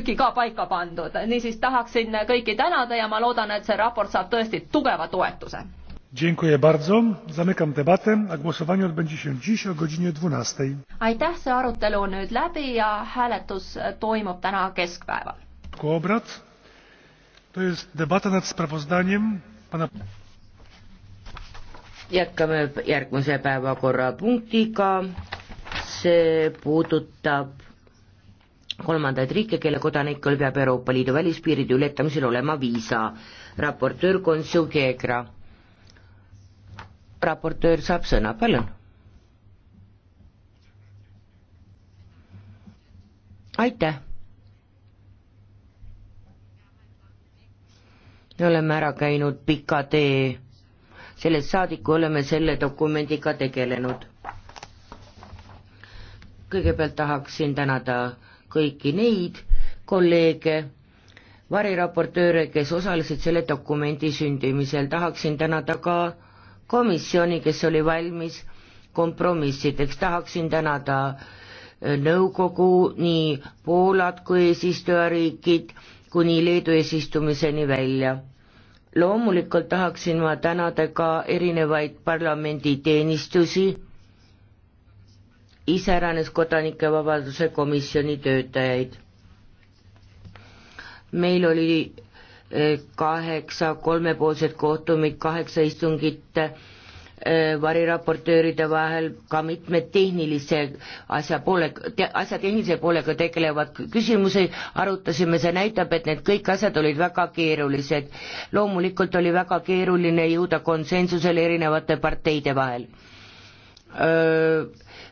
tükki ka paika pandud. niisiis tahaksin kõiki tänada ja ma loodan, et see raport saab tõesti tugeva toetuse. aitäh, see arutelu on nüüd läbi ja hääletus toimub täna keskpäeval. jätkame järgmise päevakorrapunktiga, see puudutab kolmandaid riike, kelle kodanikul peab Euroopa Liidu välispiiride ületamisel olema viisa. raportöör Konsu Keegra. raportöör saab sõna, palun. aitäh. me oleme ära käinud pika tee, sellest saadik oleme selle dokumendiga tegelenud. kõigepealt tahaksin tänada kõiki neid kolleege, variraportööre, kes osalesid selle dokumendi sündimisel, tahaksin tänada ka komisjoni, kes oli valmis kompromissideks, tahaksin tänada äh, nõukogu, nii Poolat kui eesistujariigid, kuni Leedu eesistumiseni välja. loomulikult tahaksin ma tänada ka erinevaid parlamendi teenistusi, iseäranis kodanike vabaduse komisjoni töötajaid. meil oli eh, kaheksa kolmepoolset kohtumit, kaheksa istungit eh, variraportööride vahel, ka mitmed tehnilise asja poole te,, asja tehnilise poolega tegelevad küsimusi arutasime, see näitab, et need kõik asjad olid väga keerulised. loomulikult oli väga keeruline jõuda konsensusele erinevate parteide vahel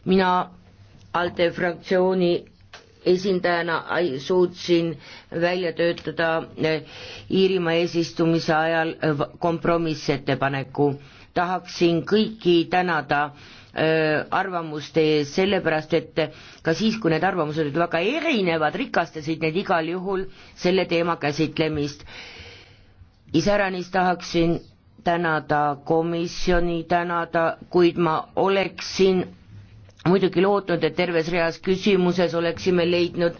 mina ALDE fraktsiooni esindajana suutsin välja töötada Iirimaa eesistumise ajal kompromissettepaneku. tahaksin kõiki tänada arvamuste ees, sellepärast et ka siis, kui need arvamused olid väga erinevad, rikastasid need igal juhul selle teema käsitlemist. iseäranis tahaksin tänada komisjoni, tänada, kuid ma oleksin muidugi lootnud, et terves reas küsimuses oleksime leidnud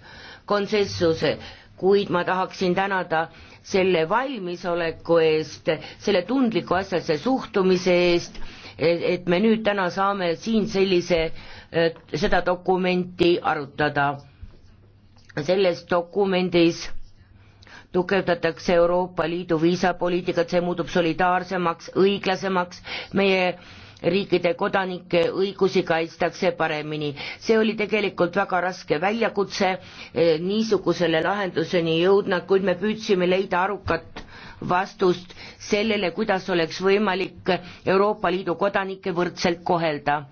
konsensuse, kuid ma tahaksin tänada selle valmisoleku eest, selle tundliku asjasse suhtumise eest, et me nüüd täna saame siin sellise, seda dokumenti arutada. selles dokumendis tugevdatakse Euroopa Liidu viisapoliitikat, see muutub solidaarsemaks, õiglasemaks, meie riikide kodanike õigusi kaitstakse paremini. see oli tegelikult väga raske väljakutse, eh, niisugusele lahenduseni ei jõudnud, kuid me püüdsime leida arukat vastust sellele, kuidas oleks võimalik Euroopa Liidu kodanikke võrdselt kohelda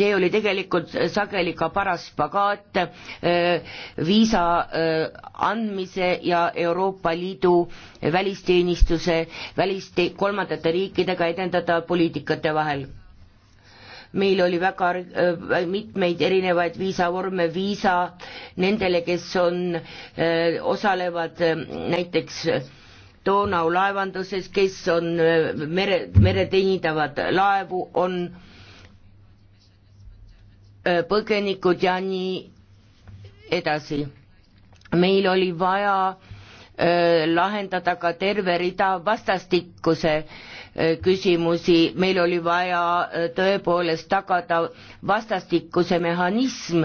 see oli tegelikult sageli ka paras spagaat äh, viisa äh, andmise ja Euroopa Liidu välisteenistuse, väliste-, kolmandate riikidega edendatava poliitikate vahel meil oli väga äh, mitmeid erinevaid viisavorme, viisa nendele, kes on, osalevad näiteks Donau laevanduses, kes on mere, mere teenindavad laevu, on Äh, põgenikud ja nii edasi. meil oli vaja äh, lahendada ka terve rida vastastikuse äh, küsimusi, meil oli vaja tõepoolest tagada vastastikuse mehhanism,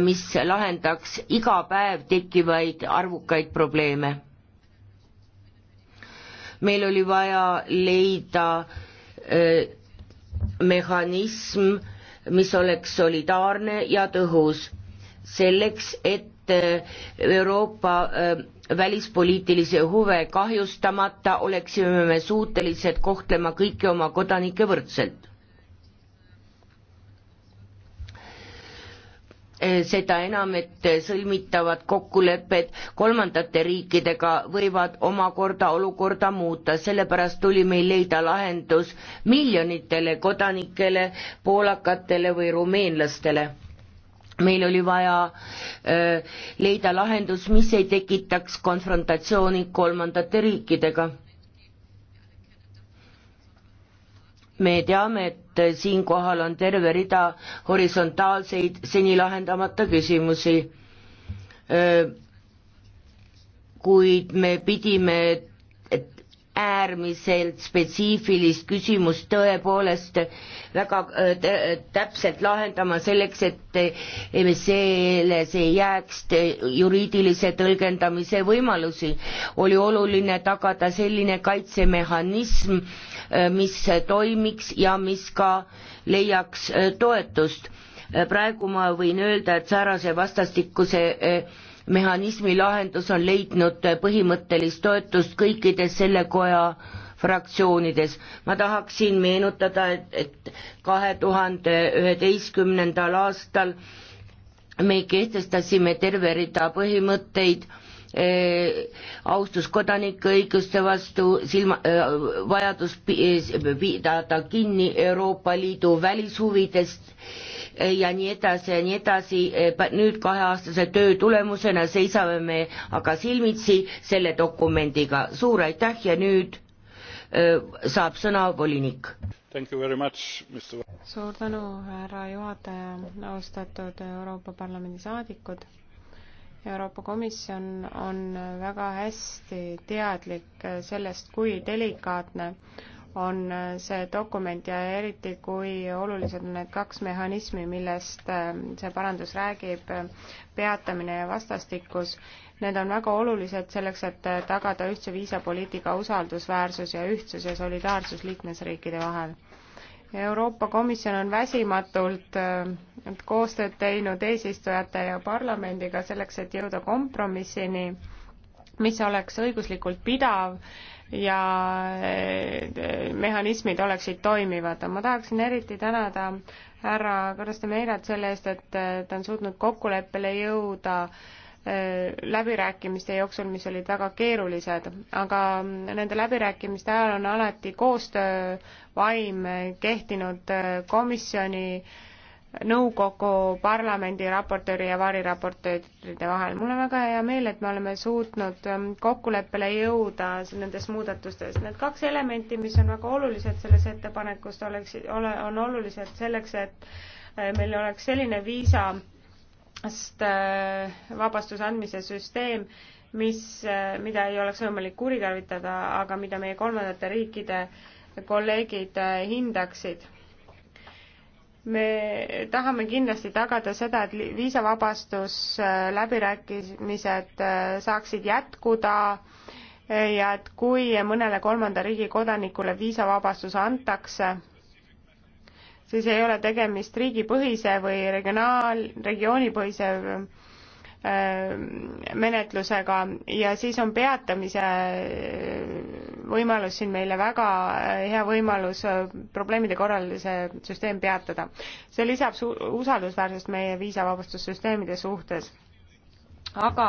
mis lahendaks iga päev tekkivaid arvukaid probleeme. meil oli vaja leida mehhanism, mis oleks solidaarne ja tõhus selleks, et äh, Euroopa äh, välispoliitilisi huve kahjustamata oleksime me suutelised kohtlema kõiki oma kodanikke võrdselt Eh, seda enam, et eh, sõlmitavad kokkulepped kolmandate riikidega võivad omakorda olukorda muuta, sellepärast tuli meil leida lahendus miljonitele kodanikele, poolakatele või rumeenlastele meil oli vaja öö, eh, leida lahendus, mis ei tekitaks konfrontatsiooni kolmandate riikidega me teame, et siinkohal on terve rida horisontaalseid seni lahendamata küsimusi. kuid me pidime äärmiselt spetsiifilist küsimust tõepoolest väga äh, täpselt lahendama selleks, et äh, selles ei jääks juriidilise tõlgendamise võimalusi. oli oluline tagada selline kaitsemehhanism, äh, mis toimiks ja mis ka leiaks toetust. praegu ma võin öelda, et säärase vastastikuse mehhanismi lahendus on leidnud põhimõttelist toetust kõikides selle koja fraktsioonides. ma tahaksin meenutada, et, et kahe tuhande üheteistkümnendal aastal me kehtestasime terve rida põhimõtteid äh, eh, austus kodanike õiguste vastu, silma äh,, vajadus eh, pidada kinni Euroopa Liidu välishuvidest äh,, ja nii edasi ja nii edasi, nüüd kaheaastase töö tulemusena seisame me aga silmitsi selle dokumendiga, suur aitäh ja nüüd saab sõna volinik. suur tänu, härra juhataja, austatud Euroopa Parlamendi saadikud. Euroopa Komisjon on väga hästi teadlik sellest, kui delikaatne on äh, see dokument ja eriti, kui olulised on need kaks mehhanismi, millest ähm, see parandus räägib, äh, peatamine ja vastastikus, need on väga olulised selleks, et äh, tagada ühtse viisapoliitika usaldusväärsus ja ühtsus ja solidaarsus liikmesriikide vahel. Euroopa Komisjon on väsimatult koostööd teinud eesistujate ja parlamendiga selleks, et jõuda kompromissini, mis oleks õiguslikult pidav äh, ja eh, mehhanismid oleksid toimivad. ma tahaksin eriti tänada härra Karastameirat selle eest, et eh, ta on suutnud kokkuleppele jõuda eh, läbirääkimiste jooksul, mis olid väga keerulised, aga mm, nende läbirääkimiste ajal on alati koostöövaim kehtinud komisjoni äh, nõukogu, parlamendi raportööri ja variraportööride vahel. mul on väga hea meel, et me oleme suutnud ähm, kokkuleppele jõuda nendes muudatustes. Need kaks elementi, mis on väga olulised selles ettepanekus, oleks, ole, on olulised selleks, et äh, meil oleks selline viisast äh, vabastuse andmise süsteem, mis, äh, mida ei oleks võimalik kuritarvitada, aga mida meie kolmandate riikide kolleegid hindaksid me tahame kindlasti tagada seda, et viisavabastus äh, läbirääkimised äh, saaksid jätkuda äh, ja et kui mõnele kolmanda riigi kodanikule viisavabastus antakse, siis ei ole tegemist riigipõhise või regionaal, regioonipõhise Äh, menetlusega ja siis on peatamise äh, võimalus siin meile väga äh, hea võimalus probleemide korral see süsteem peatada. see lisab usaldusväärsust meie viisavabastussüsteemide suhtes. aga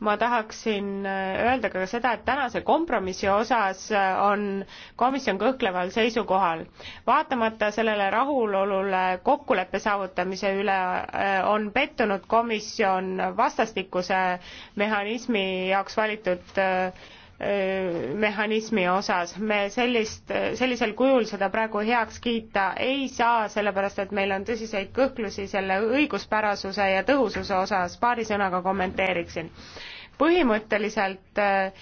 ma tahaksin äh, öelda ka seda, et tänase kompromissi osas äh, on komisjon kõhkleval seisukohal. vaatamata sellele rahulolule kokkuleppe saavutamise üle äh, on pettunud komisjon vastastikuse mehhanismi jaoks valitud Äh, mehhanismi osas. me sellist, sellisel kujul seda praegu heaks kiita ei saa, sellepärast et meil on tõsiseid kõhklusi selle õiguspärasuse ja tõhususe osas, paari sõnaga kommenteeriksin. põhimõtteliselt äh,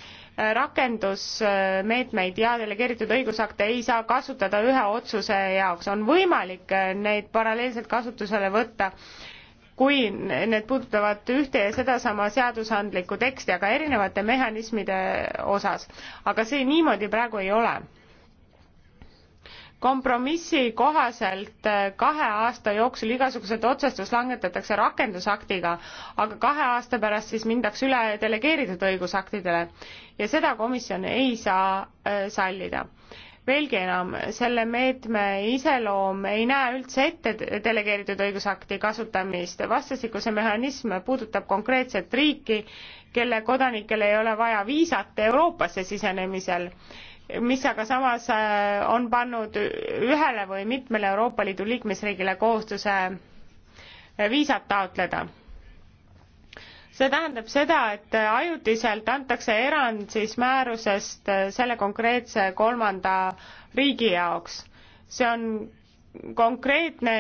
rakendusmeetmeid ja delegeeritud õigusakte ei saa kasutada ühe otsuse jaoks, on võimalik äh, neid paralleelselt kasutusele võtta kui need puudutavad ühte ja sedasama seadusandlikku teksti, aga erinevate mehhanismide osas. aga see niimoodi praegu ei ole kompromissi kohaselt äh, kahe aasta jooksul igasugused otsustus langetatakse rakendusaktiga, aga kahe aasta pärast siis mindakse üle delegeeritud õigusaktidele ja seda komisjon ei saa äh, sallida veelgi enam, selle meetme iseloom ei näe üldse ette delegeeritud õigusakti kasutamist, vastastikuse mehhanism puudutab konkreetset riiki, kelle kodanikel ei ole vaja viisat Euroopasse sisenemisel, mis aga samas äh, on pannud ühele või mitmele Euroopa Liidu liikmesriigile kohustuse äh, viisat taotleda see tähendab seda, et ajutiselt antakse erand siis määrusest äh, selle konkreetse kolmanda riigi jaoks. see on konkreetne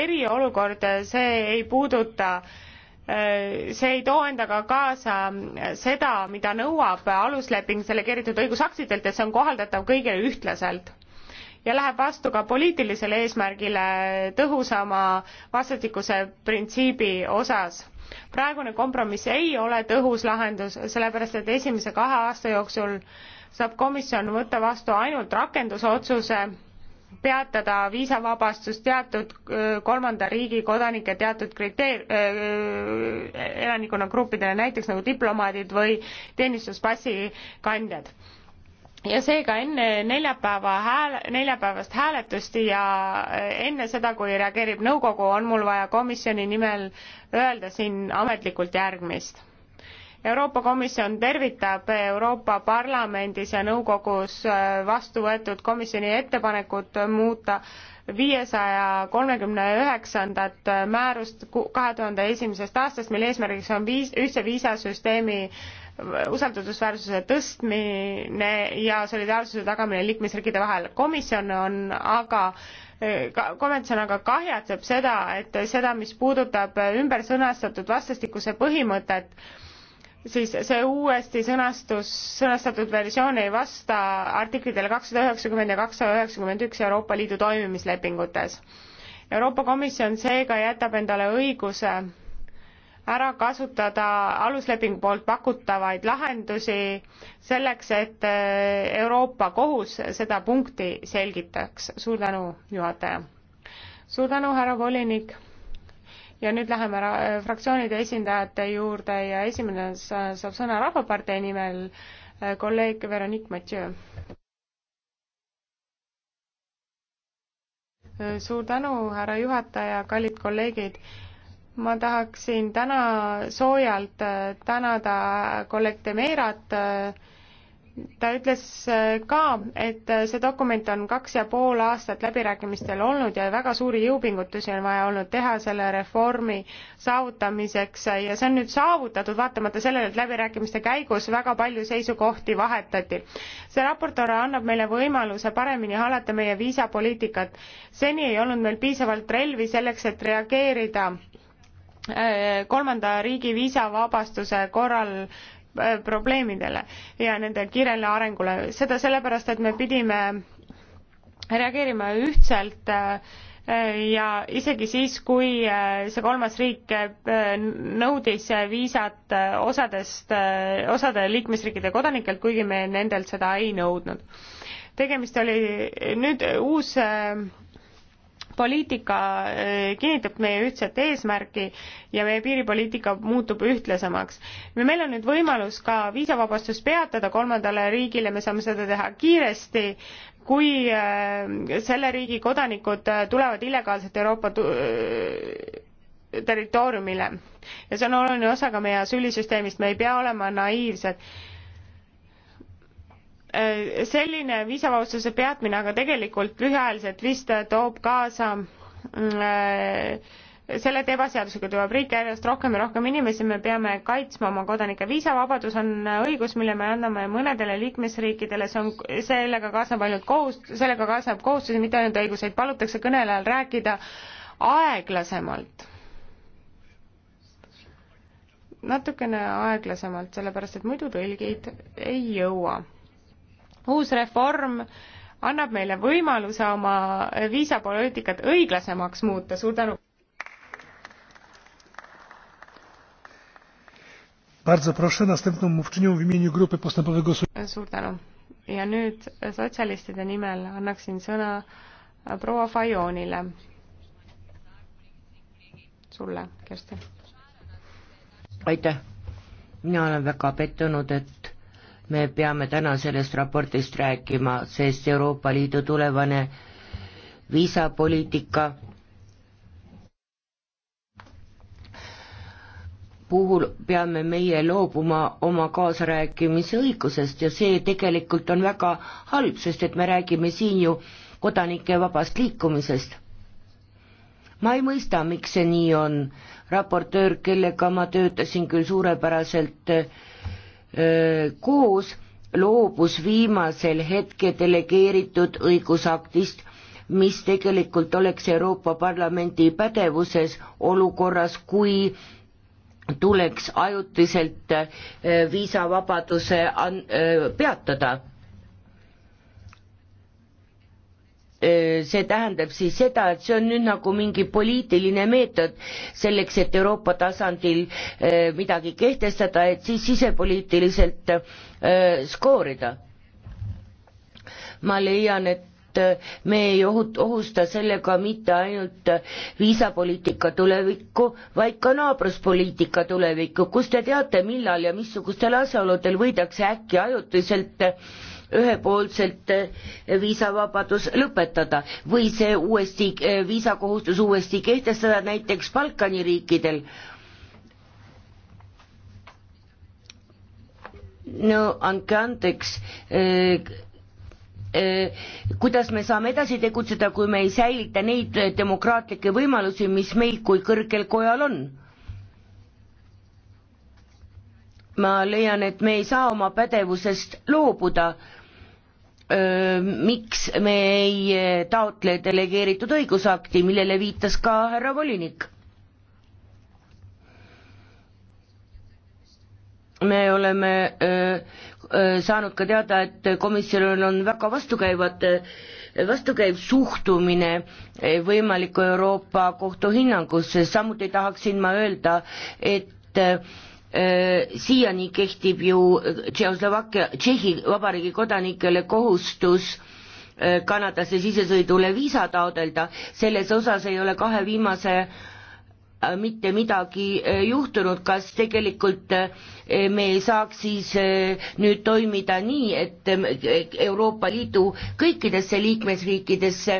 eriolukord, see ei puuduta äh, see ei too endaga kaasa seda, mida nõuab alusleping delegeeritud õigusaktidelt, et see on kohaldatav kõigile ühtlaselt ja läheb vastu ka poliitilisele eesmärgile tõhusama vastastikuse printsiibi osas. praegune kompromiss ei ole tõhus lahendus, sellepärast et esimese kahe aasta jooksul saab komisjon võtta vastu ainult rakendusotsuse peatada viisavabastus teatud kolmanda riigi kodanike teatud kriteer-, elanikkonnagruppidele, näiteks nagu diplomaadid või teenistuspassi kandjad ja seega enne neljapäeva hääl-, neljapäevast hääletust ja äh, enne seda, kui reageerib nõukogu, on mul vaja komisjoni nimel öelda siin ametlikult järgmist. Euroopa Komisjon tervitab Euroopa Parlamendis ja nõukogus äh, vastu võetud komisjoni ettepanekut muuta viiesaja kolmekümne üheksandat äh, määrust kahe tuhande esimesest aastast, mille eesmärgiks on viis, ühtse viisasüsteemi usaldusväärsuse tõstmine ja solidaarsuse tagamine liikmesriikide vahel. komisjon on aga komisjon aga kahjatseb seda, et seda, mis puudutab ümbersõnastatud vastastikuse põhimõtet, siis see uuesti sõnastus, sõnastatud versioon ei vasta artiklitele kakssada üheksakümmend ja kakssada üheksakümmend üks Euroopa Liidu toimimislepingutes. Euroopa Komisjon seega jätab endale õiguse ära kasutada aluslepingu poolt pakutavaid lahendusi selleks, et äh, Euroopa Kohus seda punkti selgitaks. suur tänu, juhataja. suur tänu, härra volinik. ja nüüd läheme äh, fraktsioonide esindajate juurde ja esimene saab sõna Rahvapartei nimel äh, kolleeg Veronique Mathieu. suur tänu, härra juhataja, kallid kolleegid ma tahaksin täna soojalt äh, tänada kolleeg Demerat. Äh, ta ütles äh, ka, et see dokument on kaks ja pool aastat läbirääkimistel olnud ja väga suuri jõupingutusi on vaja olnud teha selle reformi saavutamiseks ja see on nüüd saavutatud, vaatamata sellele, et läbirääkimiste käigus väga palju seisukohti vahetati. see raportöör annab meile võimaluse paremini hallata meie viisapoliitikat. seni ei olnud meil piisavalt relvi selleks, et reageerida Äh, kolmanda riigi viisavabastuse korral äh, probleemidele ja nende kiirele arengule. seda sellepärast, et me pidime reageerima ühtselt äh, ja isegi siis, kui see kolmas riik nõudis viisat osadest, osade liikmesriikide kodanikelt, kuigi me nendelt seda ei nõudnud. tegemist oli nüüd uus poliitika eh, kinnitab meie ühtset eesmärki ja meie piiripoliitika muutub ühtlasemaks. meil on nüüd võimalus ka viisavabastus peatada kolmandale riigile, me saame seda teha kiiresti, kui eh, selle riigi kodanikud eh, tulevad illegaalselt Euroopa territooriumile ja see on oluline osa ka meie asüülisüsteemist, me ei pea olema naiivsed Äh, selline viisavabastuse peatmine aga tegelikult lühiajaliselt vist toob kaasa äh, selle, et ebaseadusega tuleb riiki järjest rohkem ja rohkem inimesi, me peame kaitsma oma kodanikke. viisavabadus on õigus, mille me anname mõnedele liikmesriikidele, see on, sellega kaasneb ainult kohus, sellega kaasneb kohustusi, mitte ainult õiguseid. palutakse kõnelejal rääkida aeglasemalt natukene aeglasemalt, sellepärast et muidu tõlgid ei jõua uus reform annab meile võimaluse oma viisapoliitikat õiglasemaks muuta, suur tänu! suur tänu! ja nüüd sotsialistide nimel annaksin sõna proua Fajonile. sulle, Kersti. aitäh! mina olen väga pettunud, et me peame täna sellest raportist rääkima, sest Euroopa Liidu tulevane viisapoliitika puhul peame meie loobuma oma kaasarääkimise õigusest ja see tegelikult on väga halb, sest et me räägime siin ju kodanike vabast liikumisest. ma ei mõista, miks see nii on. raportöör, kellega ma töötasin küll suurepäraselt äh, koos loobus viimasel hetke delegeeritud õigusaktist, mis tegelikult oleks Euroopa Parlamendi pädevuses olukorras, kui tuleks ajutiselt viisavabaduse peatada see tähendab siis seda, et see on nüüd nagu mingi poliitiline meetod selleks, et Euroopa tasandil midagi kehtestada, et siis sisepoliitiliselt skoorida. ma leian, et me ei ohut-, ohusta sellega mitte ainult viisapoliitika tulevikku, vaid ka naabruspoliitika tulevikku, kus te teate, millal ja missugustel asjaoludel võidakse äkki ajutiselt äh, ühepoolselt eh, viisavabadus lõpetada või see uuesti, eh, viisakohustus uuesti kehtestada näiteks Balkani riikidel. no andke andeks eh, kuidas me saame edasi tegutseda, kui me ei säilita neid demokraatlikke võimalusi, mis meil kui kõrgel kojal on? ma leian, et me ei saa oma pädevusest loobuda. miks me ei e, taotle delegeeritud õigusakti, millele viitas ka härra volinik? me oleme öö, öö, saanud ka teada, et komisjonil on väga vastukäivad, e, vastukäiv suhtumine e, võimaliku Euroopa Kohtu hinnangusse, samuti tahaksin ma öelda, et Äh, siiani kehtib ju äh, Tšehhoslovakkia, Tšehhi Vabariigi kodanikele kohustus äh, Kanadasse sisesõidule viisa taodelda, selles osas ei ole kahe viimase Äh, mitte midagi äh, juhtunud, kas tegelikult äh, me ei saaks siis nüüd toimida nii, et Euroopa Liidu kõikidesse liikmesriikidesse,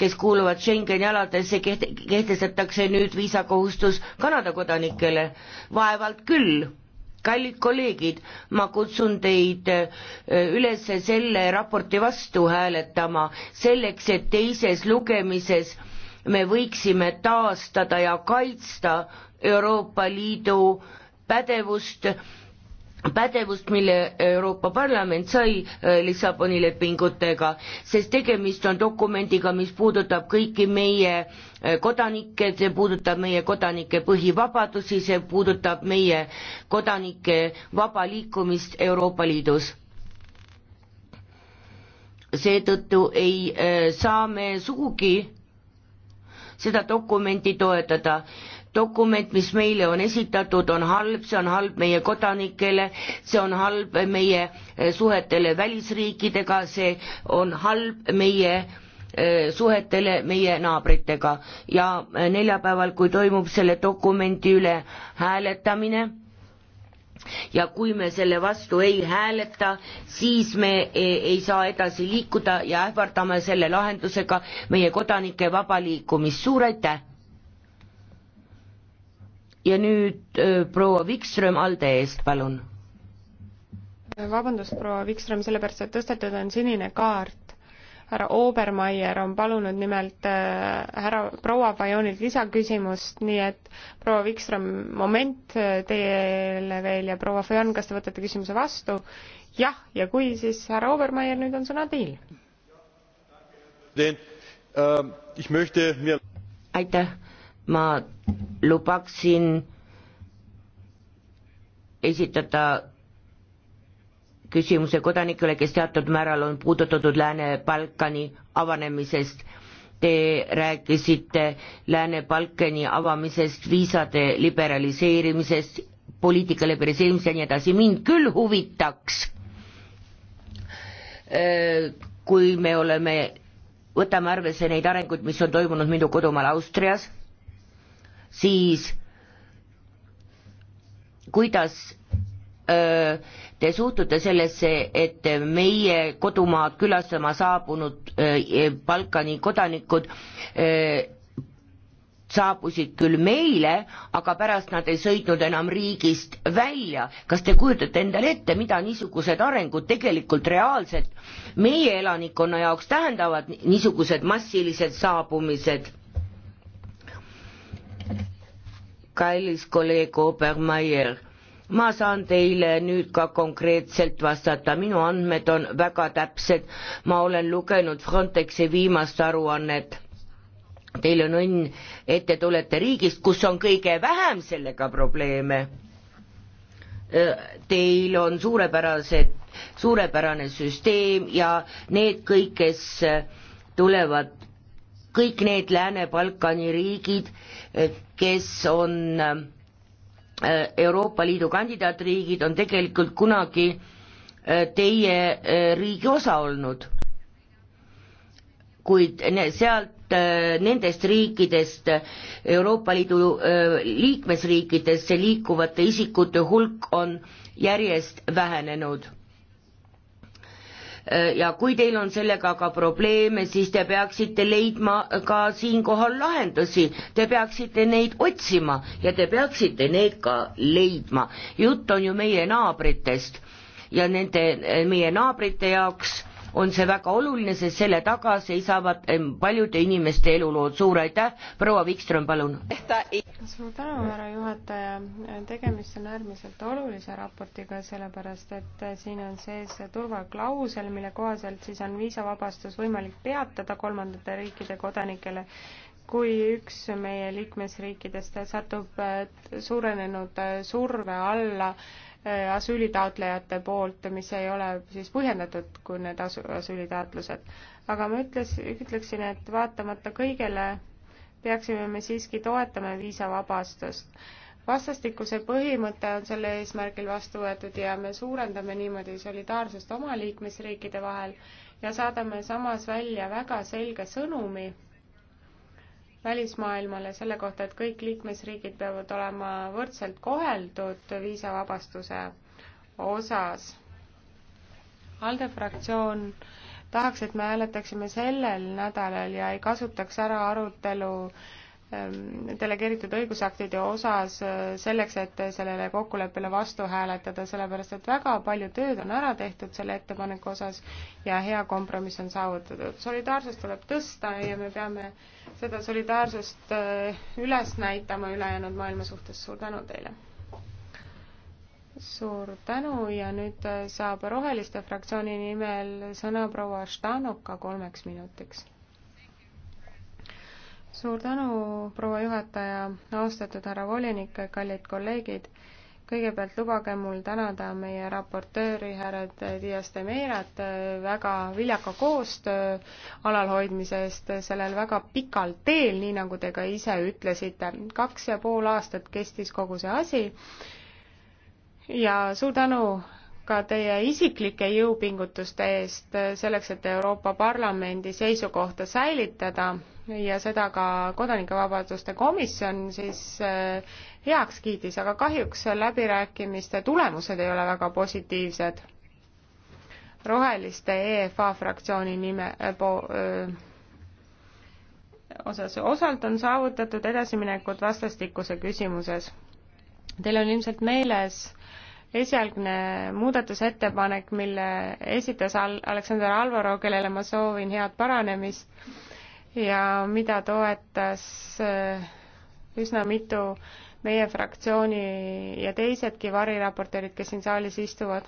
kes kuuluvad Schengeni aladesse, keht-, kehtestatakse nüüd viisakohustus Kanada kodanikele? vaevalt küll kallid kolleegid, ma kutsun teid üles selle raporti vastu hääletama, selleks et teises lugemises äh, me võiksime taastada ja kaitsta Euroopa Liidu pädevust, pädevust, mille Euroopa Parlament sai äh, Lissaboni lepingutega, sest tegemist on dokumendiga, mis puudutab kõiki meie äh, kodanikke, see puudutab meie kodanike põhivabadusi, see puudutab meie kodanike vaba liikumist Euroopa Liidus seetõttu ei äh, saa me sugugi seda dokumenti toetada. dokument, mis meile on esitatud, on halb, see on halb meie kodanikele, see on halb meie eh, suhetele välisriikidega, see on halb meie eh, suhetele meie naabritega ja neljapäeval, kui toimub selle dokumendi üle hääletamine ja kui me selle vastu ei hääleta, siis me e, ei saa edasi liikuda ja ähvardame selle lahendusega meie kodanike vaba liikumist, suur aitäh! ja nüüd e, proua Vikström ALDE eest, palun! vabandust, proua Vikström, sellepärast et tõstetud on sinine kaart härra Obermeier on palunud nimelt äh, härra proua Fajonilt lisaküsimust, nii et proua Vikström, moment äh, teile veel ja proua Fajon, kas te võtate küsimuse vastu? jah, ja kui, siis härra Obermeier, nüüd on sõna teil. Äh, aitäh, ma lubaksin esitada küsimuse kodanikele, kes teatud määral on puudutatud Lääne-Balkani avanemisest. Te rääkisite Lääne-Balkani avamisest, viisade liberaliseerimisest, poliitika liberaliseerimisest ja nii edasi, mind küll huvitaks, äh, kui me oleme, võtame arvesse neid arenguid, mis on toimunud minu kodumaal Austrias, siis kuidas te suhtute sellesse, et meie kodumaad külastama saabunud e, Balkani kodanikud saabusid küll meile, aga pärast nad ei sõitnud enam riigist välja. kas te kujutate endale ette, mida niisugused arengud tegelikult reaalselt meie elanikkonna jaoks tähendavad, niisugused massilised saabumised? kallis kolleeg Obermeier ma saan teile nüüd ka konkreetselt vastata, minu andmed on väga täpsed, ma olen lugenud Frontexi viimast aruannet. Teil on õnn, et te tulete riigist, kus on kõige vähem sellega probleeme. Teil on suurepärased, suurepärane süsteem ja need kõik, kes äh, tulevad kõik need Lääne-Balkani riigid, äh, kes on äh, Äh, Euroopa Liidu kandidaatriigid on tegelikult kunagi äh, teie äh, riigi osa olnud, kuid sealt, nendest riikidest, Euroopa Liidu liikmesriikidesse liikuvate isikute hulk on järjest vähenenud Äh, ja kui teil on sellega ka probleeme, siis te peaksite leidma ka siinkohal lahendusi, te peaksite neid otsima ja te peaksite need ka leidma. jutt on ju meie naabritest ja nende, meie naabrite jaoks on see väga oluline, sest selle taga seisavad paljude inimeste elulood. suur aitäh, proua Vikström, palun! suur tänu, härra juhataja! tegemist on äärmiselt olulise raportiga, sellepärast et siin on sees turvaklausel, mille kohaselt siis on viisavabastus võimalik peatada kolmandate riikide kodanikele, kui üks meie liikmesriikidest satub suurenenud surve alla Äh, asüülitaotlejate poolt, mis ei ole siis põhjendatud, kui need asu-, asüülitaotlused. aga ma ütles, ütleksin, et vaatamata kõigele peaksime me siiski toetama viisavabastust. vastastikuse põhimõte on selle eesmärgil vastu võetud ja me suurendame niimoodi solidaarsust oma liikmesriikide vahel ja saadame samas välja väga selge sõnumi välismaailmale selle kohta, et kõik liikmesriigid peavad olema võrdselt koheldud viisavabastuse osas. ALDE fraktsioon tahaks, et me hääletaksime sellel nädalal ja ei kasutaks ära arutelu äh, Ähm, delegeeritud õigusaktide osas äh, selleks, et sellele kokkuleppele vastu hääletada, sellepärast et väga palju tööd on ära tehtud selle ettepaneku osas ja hea kompromiss on saavutatud. solidaarsust tuleb tõsta ja me peame seda solidaarsust äh, üles näitama ülejäänud maailma suhtes. suur tänu teile! suur tänu ja nüüd äh, saab Roheliste fraktsiooni nimel sõna proua Štanoka kolmeks minutiks suur tänu, proua juhataja, austatud härra volinik, kallid kolleegid. kõigepealt lubage mul tänada meie raportööri härra Dias de Meirat väga viljaka koostöö alalhoidmise eest sellel väga pikal teel, nii nagu te ka ise ütlesite. kaks ja pool aastat kestis kogu see asi. ja suur tänu ka teie isiklike jõupingutuste eest äh, selleks, et Euroopa Parlamendi seisukohta säilitada ja seda ka Kodanikevabaduste komisjon siis äh, heaks kiitis, aga kahjuks läbirääkimiste tulemused ei ole väga positiivsed. roheliste EFA fraktsiooni nime äh, po, öö, osas osalt on saavutatud edasiminekut vastastikuse küsimuses. Teil on ilmselt meeles esialgne muudatusettepanek, mille esitas Al-, Aleksander Alvaro, kellele ma soovin head paranemist ja mida toetas äh, üsna mitu meie fraktsiooni ja teisedki variraportöörid, kes siin saalis istuvad.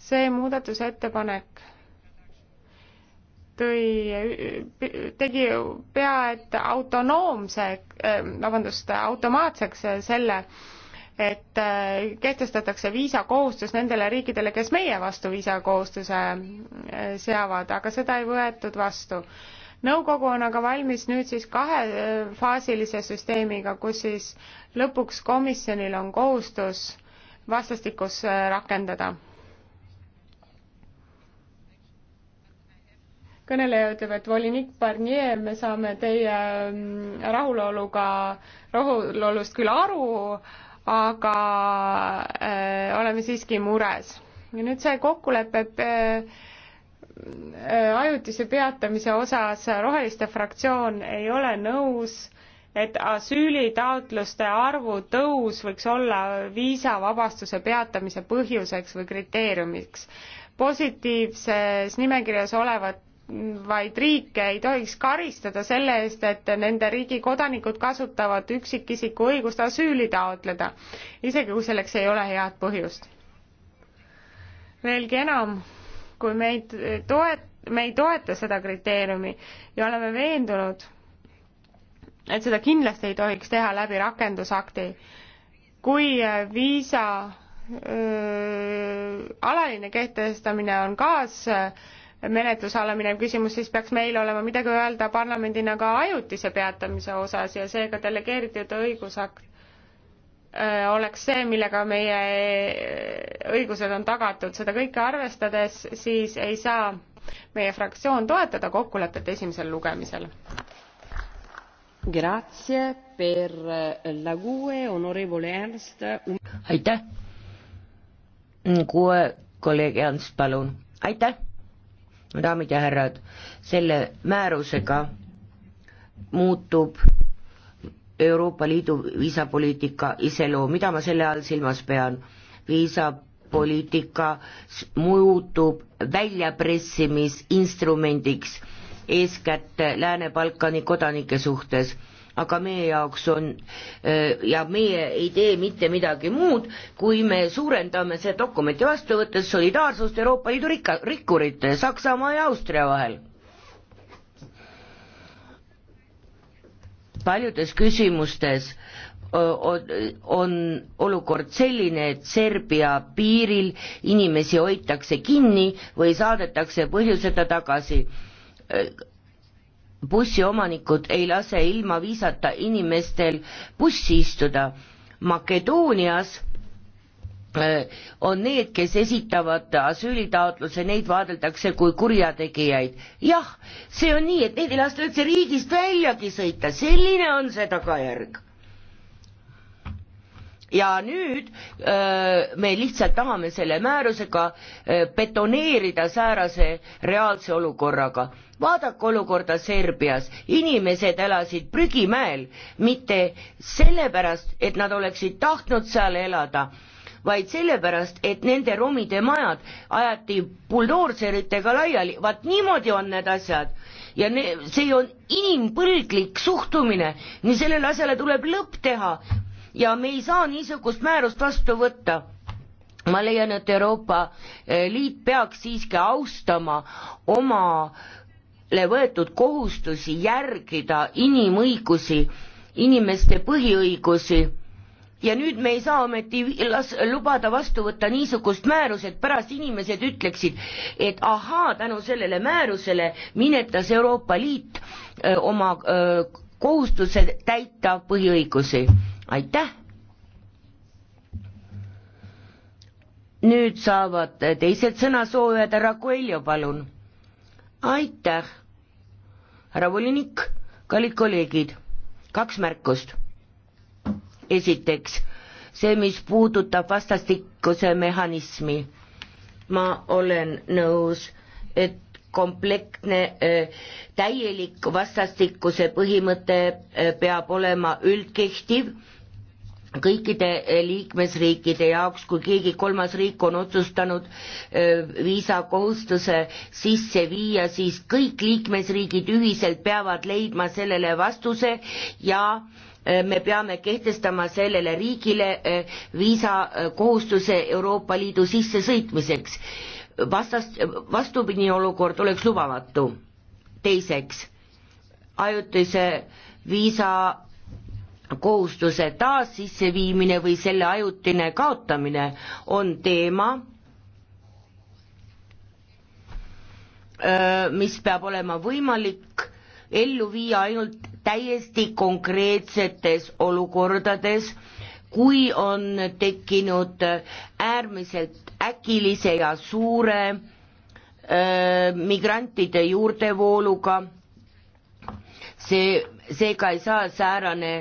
see muudatusettepanek tõi, tegi pea et autonoomse, äh, vabandust, automaatseks selle, et äh, kehtestatakse viisakohustus nendele riikidele, kes meie vastu viisakohustuse äh, seavad, aga seda ei võetud vastu. nõukogu on aga valmis nüüd siis kahefaasilise süsteemiga, kus siis lõpuks komisjonil on kohustus vastastikus äh, rakendada. kõneleja ütleb, et volinik Barnier, me saame teie mm, rahuloluga, rahulolust küll aru, aga äh, oleme siiski mures. ja nüüd see kokkulepe äh, äh, ajutise peatamise osas Roheliste fraktsioon ei ole nõus, et asüülitaotluste arvu tõus võiks olla viisavabastuse peatamise põhjuseks või kriteeriumiks. positiivses nimekirjas olevat vaid riike ei tohiks karistada selle eest, et nende riigi kodanikud kasutavad üksikisiku õigust asüüli taotleda, isegi kui selleks ei ole head põhjust. veelgi enam, kui meid toet-, me ei toeta seda kriteeriumi ja oleme veendunud, et seda kindlasti ei tohiks teha läbi rakendusakti. kui viisa öö, alaline kehtestamine on kaas öö, menetluse alla minev küsimus, siis peaks meil olema midagi öelda parlamendina ka ajutise peatamise osas ja seega delegeeritud õigusakt äh, oleks see, millega meie äh, õigused on tagatud. seda kõike arvestades, siis ei saa meie fraktsioon toetada kokkulepet esimesel lugemisel. aitäh. kuue kolleeg Ernst, palun. aitäh daamid ja härrad, selle määrusega muutub Euroopa Liidu viisapoliitika iseloom, mida ma selle all silmas pean? viisapoliitika muutub väljapressimisinstrumendiks eeskätt Lääne-Balkani kodanike suhtes aga meie jaoks on äh, ja meie ei tee mitte midagi muud, kui me suurendame see dokumenti vastu võttes solidaarsust Euroopa Liidu rikka, rikkurite, Saksamaa ja Austria vahel. paljudes küsimustes on, on olukord selline, et Serbia piiril inimesi hoitakse kinni või saadetakse põhjuseta tagasi bussiomanikud ei lase ilma viisata inimestel bussi istuda. Makedoonias äh, on need, kes esitavad asüülitaotluse, neid vaadeldakse kui kurjategijaid. jah, see on nii, et neid ei lasta üldse riigist väljagi sõita, selline on see tagajärg ja nüüd öö, äh, me lihtsalt tahame selle määrusega öö, äh, betoneerida säärase reaalse olukorraga. vaadake olukorda Serbias, inimesed elasid prügimäel mitte sellepärast, et nad oleksid tahtnud seal elada, vaid sellepärast, et nende romide majad ajati buldooseritega laiali, vaat niimoodi on need asjad ja ne, see on inimpõlglik suhtumine, nii sellele asjale tuleb lõpp teha, ja me ei saa niisugust määrust vastu võtta ma leian, et Euroopa eh, Liit peaks siiski austama omale võetud kohustusi järgida inimõigusi, inimeste põhiõigusi ja nüüd me ei saa ometi las-, lubada vastu võtta niisugust määrus, et pärast inimesed ütleksid, et ahaa, tänu sellele määrusele minetas Euroopa Liit öö, eh, oma öö, eh, kohustuse täita põhiõigusi. aitäh! nüüd saavad teised sõnasoovijad, härra Coelho, palun. aitäh, härra volinik, kallid kolleegid, kaks märkust. esiteks, see, mis puudutab vastastikuse mehhanismi. ma olen nõus, et komplektne äh, täielik vastastikuse põhimõte äh, peab olema üldkehtiv kõikide äh, liikmesriikide jaoks, kui keegi kolmas riik on otsustanud viisakohustuse sisse viia, siis kõik liikmesriigid ühiselt peavad leidma sellele vastuse ja me peame kehtestama sellele riigile viisakohustuse Euroopa Liidu sissesõitmiseks vastast, vastupidine olukord oleks lubamatu. teiseks, ajutise viisa kohustuse taassisseviimine või selle ajutine kaotamine on teema, mis peab olema võimalik ellu viia ainult täiesti konkreetsetes olukordades kui on tekkinud äärmiselt äkilise ja suure öö, migrantide juurdevooluga, see, seega ei saa säärane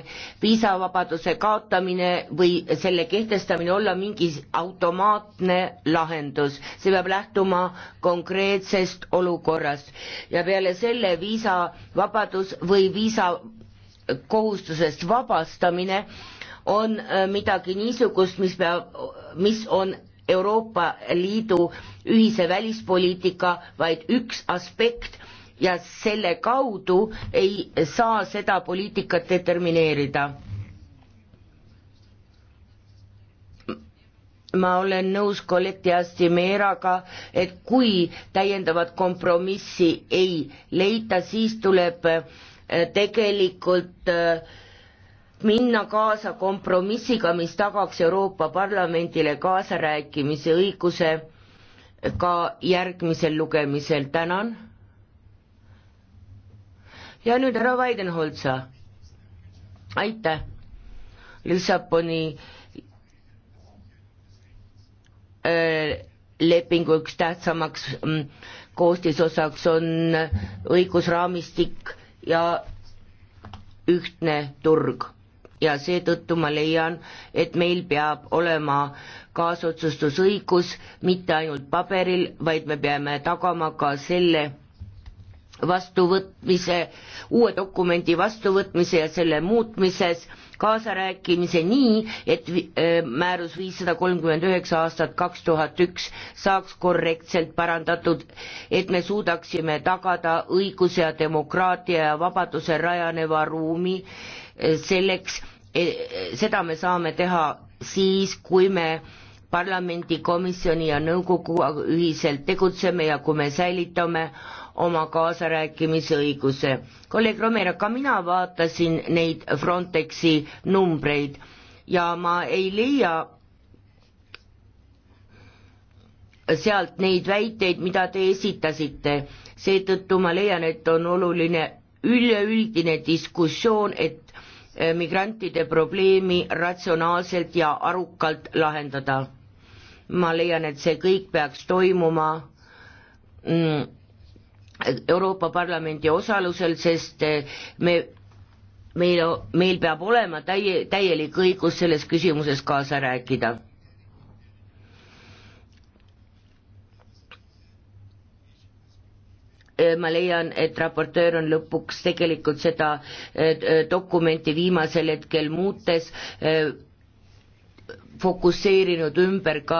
viisavabaduse kaotamine või selle kehtestamine olla mingi automaatne lahendus, see peab lähtuma konkreetsest olukorrast ja peale selle viisavabadus või viisakohustusest vabastamine äh, on äh, midagi niisugust, mis peab, mis on Euroopa Liidu ühise välispoliitika vaid üks aspekt ja selle kaudu ei saa seda poliitikat determineerida. ma olen nõus kollekti Astimeeraga, et kui täiendavat kompromissi ei leita, siis tuleb äh, tegelikult äh, minna kaasa kompromissiga, mis tagaks Euroopa Parlamendile kaasarääkimise õiguse ka järgmisel lugemisel, tänan. ja nüüd härra Weidenholza, aitäh, Lissaboni öö, äh, lepingu üks tähtsamaks mm, koostisosaks on õigusraamistik ja ühtne turg ja seetõttu ma leian, et meil peab olema kaasotsustusõigus mitte ainult paberil, vaid me peame tagama ka selle vastuvõtmise, uue dokumendi vastuvõtmise ja selle muutmises kaasarääkimise nii, et määrus viissada kolmkümmend üheksa aastat kaks tuhat üks saaks korrektselt parandatud, et me suudaksime tagada õiguse ja demokraatia ja vabaduse rajaneva ruumi, selleks, e, e, seda me saame teha siis, kui me parlamendi, komisjoni ja nõukoguga ühiselt tegutseme ja kui me säilitame oma kaasarääkimisõiguse. kolleeg Romero, ka mina vaatasin neid Frontexi numbreid ja ma ei leia sealt neid väiteid, mida te esitasite. seetõttu ma leian, et on oluline üleüldine diskussioon, et Eh, migrantide probleemi ratsionaalselt ja arukalt lahendada. ma leian, et see kõik peaks toimuma mm, Euroopa Parlamendi osalusel, sest eh, me, meil, meil peab olema täie, täielik õigus selles küsimuses kaasa rääkida Äh, ma leian, et raportöör on lõpuks tegelikult seda äh, äh, dokumenti viimasel hetkel muutes fokusseerinud ümber ka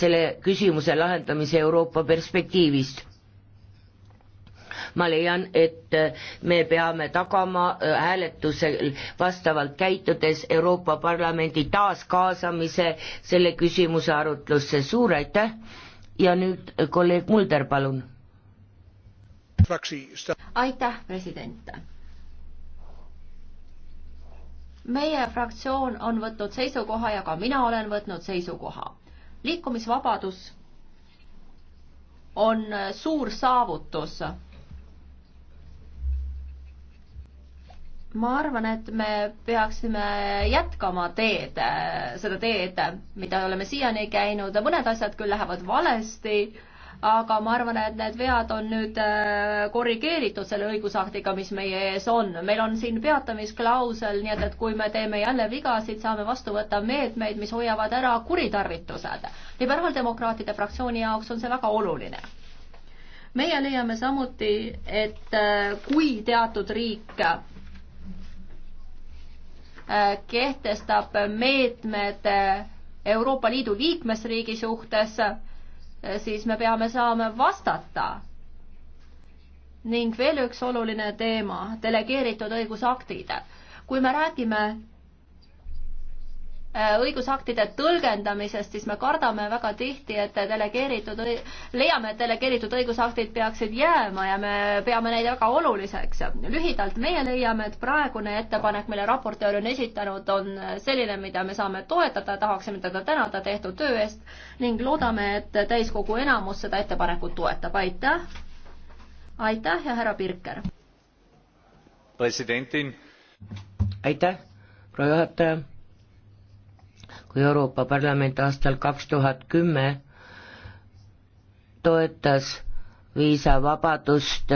selle küsimuse lahendamise Euroopa perspektiivist. ma leian, et me peame tagama hääletusel vastavalt käitudes Euroopa Parlamendi taaskaasamise selle küsimuse arutlusse, suur aitäh ja nüüd kolleeg Mulder, palun aitäh, president. meie fraktsioon on võtnud seisukoha ja ka mina olen võtnud seisukoha. liikumisvabadus on suur saavutus ma arvan, et me peaksime jätkama teed, seda teed, mida oleme siiani käinud, mõned asjad küll lähevad valesti, aga ma arvan, et need vead on nüüd äh, korrigeeritud selle õigusaktiga, mis meie ees on. meil on siin peatamisklausel, nii et, et kui me teeme jälle vigasid, saame vastu võtta meetmeid, mis hoiavad ära kuritarvitused. liberaaldemokraatide fraktsiooni jaoks on see väga oluline meie leiame samuti, et äh, kui teatud riik äh, kehtestab meetmed Euroopa Liidu liikmesriigi suhtes, siis me peame saama vastata. ning veel üks oluline teema, delegeeritud õigusaktid. kui me räägime Äh, õigusaktide tõlgendamisest, siis me kardame väga tihti, et delegeeritud, leiame, et delegeeritud õigusaktid peaksid jääma ja me peame neid väga oluliseks. lühidalt, meie leiame, et praegune ettepanek, mille raportöör on esitanud, on selline, mida me saame toetada, tahaksime teda tänada tehtud töö eest ning loodame, et täiskogu enamus seda ettepanekut toetab, aitäh! aitäh ja härra Pirker! presidentin. aitäh, proua juhataja kui Euroopa Parlament aastal kaks tuhat kümme toetas viisavabadust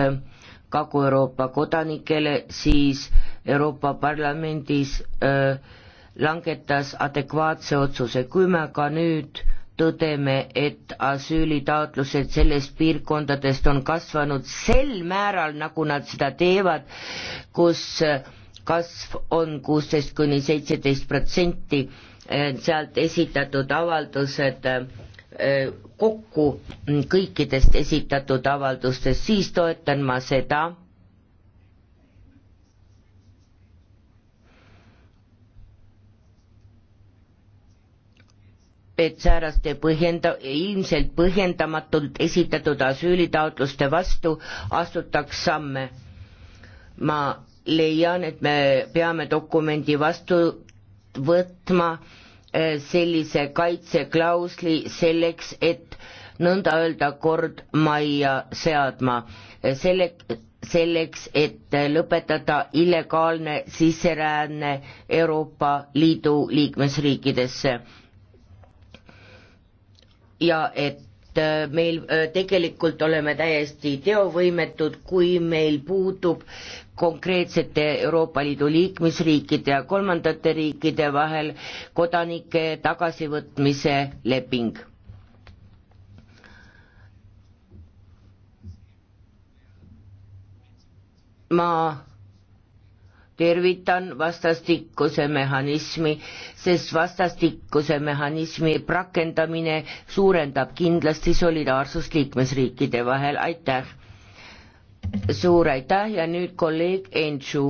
Kagu-Euroopa kodanikele, siis Euroopa Parlamendis öö, äh, langetas adekvaatse otsuse, kui me aga nüüd tõdeme, et asüülitaotlused sellest piirkondadest on kasvanud sel määral, nagu nad seda teevad, kus äh, kasv on kuusteist kuni seitseteist protsenti Eh, sealt esitatud avaldused eh, kokku kõikidest esitatud avaldustest, siis toetan ma seda, et sääraste põhjenda-, ilmselt põhjendamatult esitatud asüülitaotluste vastu astutaks samme. ma leian, et me peame dokumendi vastu võtma äh, sellise kaitseklausli selleks, et nõnda öelda kord majja seadma, äh, selle, selleks, et äh, lõpetada illegaalne sisseränne Euroopa Liidu liikmesriikidesse. ja et meil tegelikult oleme täiesti teovõimetud, kui meil puudub konkreetsete Euroopa Liidu liikmesriikide ja kolmandate riikide vahel kodanike tagasivõtmise leping. ma tervitan vastastikuse mehhanismi, sest vastastikuse mehhanismi rakendamine suurendab kindlasti solidaarsust liikmesriikide vahel, aitäh! suur aitäh ja nüüd kolleeg Entšu.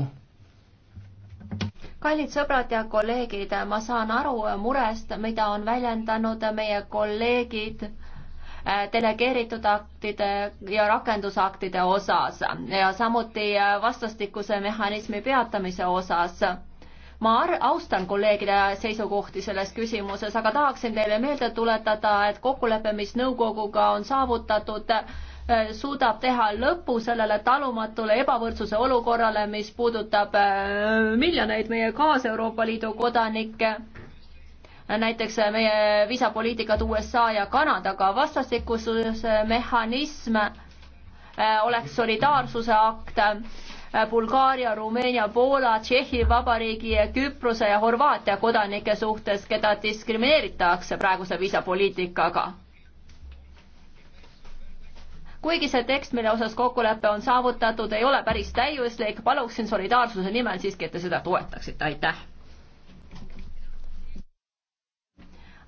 kallid sõbrad ja kolleegid, ma saan aru murest, mida on väljendanud meie kolleegid äh, delegeeritud aktide ja rakendusaktide osas ja samuti äh, vastastikuse mehhanismi peatamise osas ma ar-, austan kolleegide seisukohti selles küsimuses, aga tahaksin teile meelde tuletada, et kokkulepe, mis nõukoguga on saavutatud äh,, Äh, suudab teha lõpu sellele talumatule ebavõrdsuse olukorrale, mis puudutab äh, miljoneid meie kaas-Euroopa Liidu kodanikke, näiteks äh, meie viisapoliitikat USA ja Kanadaga, vastastikususe mehhanism oleks solidaarsuse akt Bulgaaria, Rumeenia, Poola, Tšehhi Vabariigi, Küprose ja Horvaatia kodanike suhtes, keda diskrimineeritakse praeguse viisapoliitikaga kuigi see tekst, mille osas kokkulepe on saavutatud, ei ole päris täiuslik, paluksin solidaarsuse nimel siiski, et te seda toetaksite, aitäh.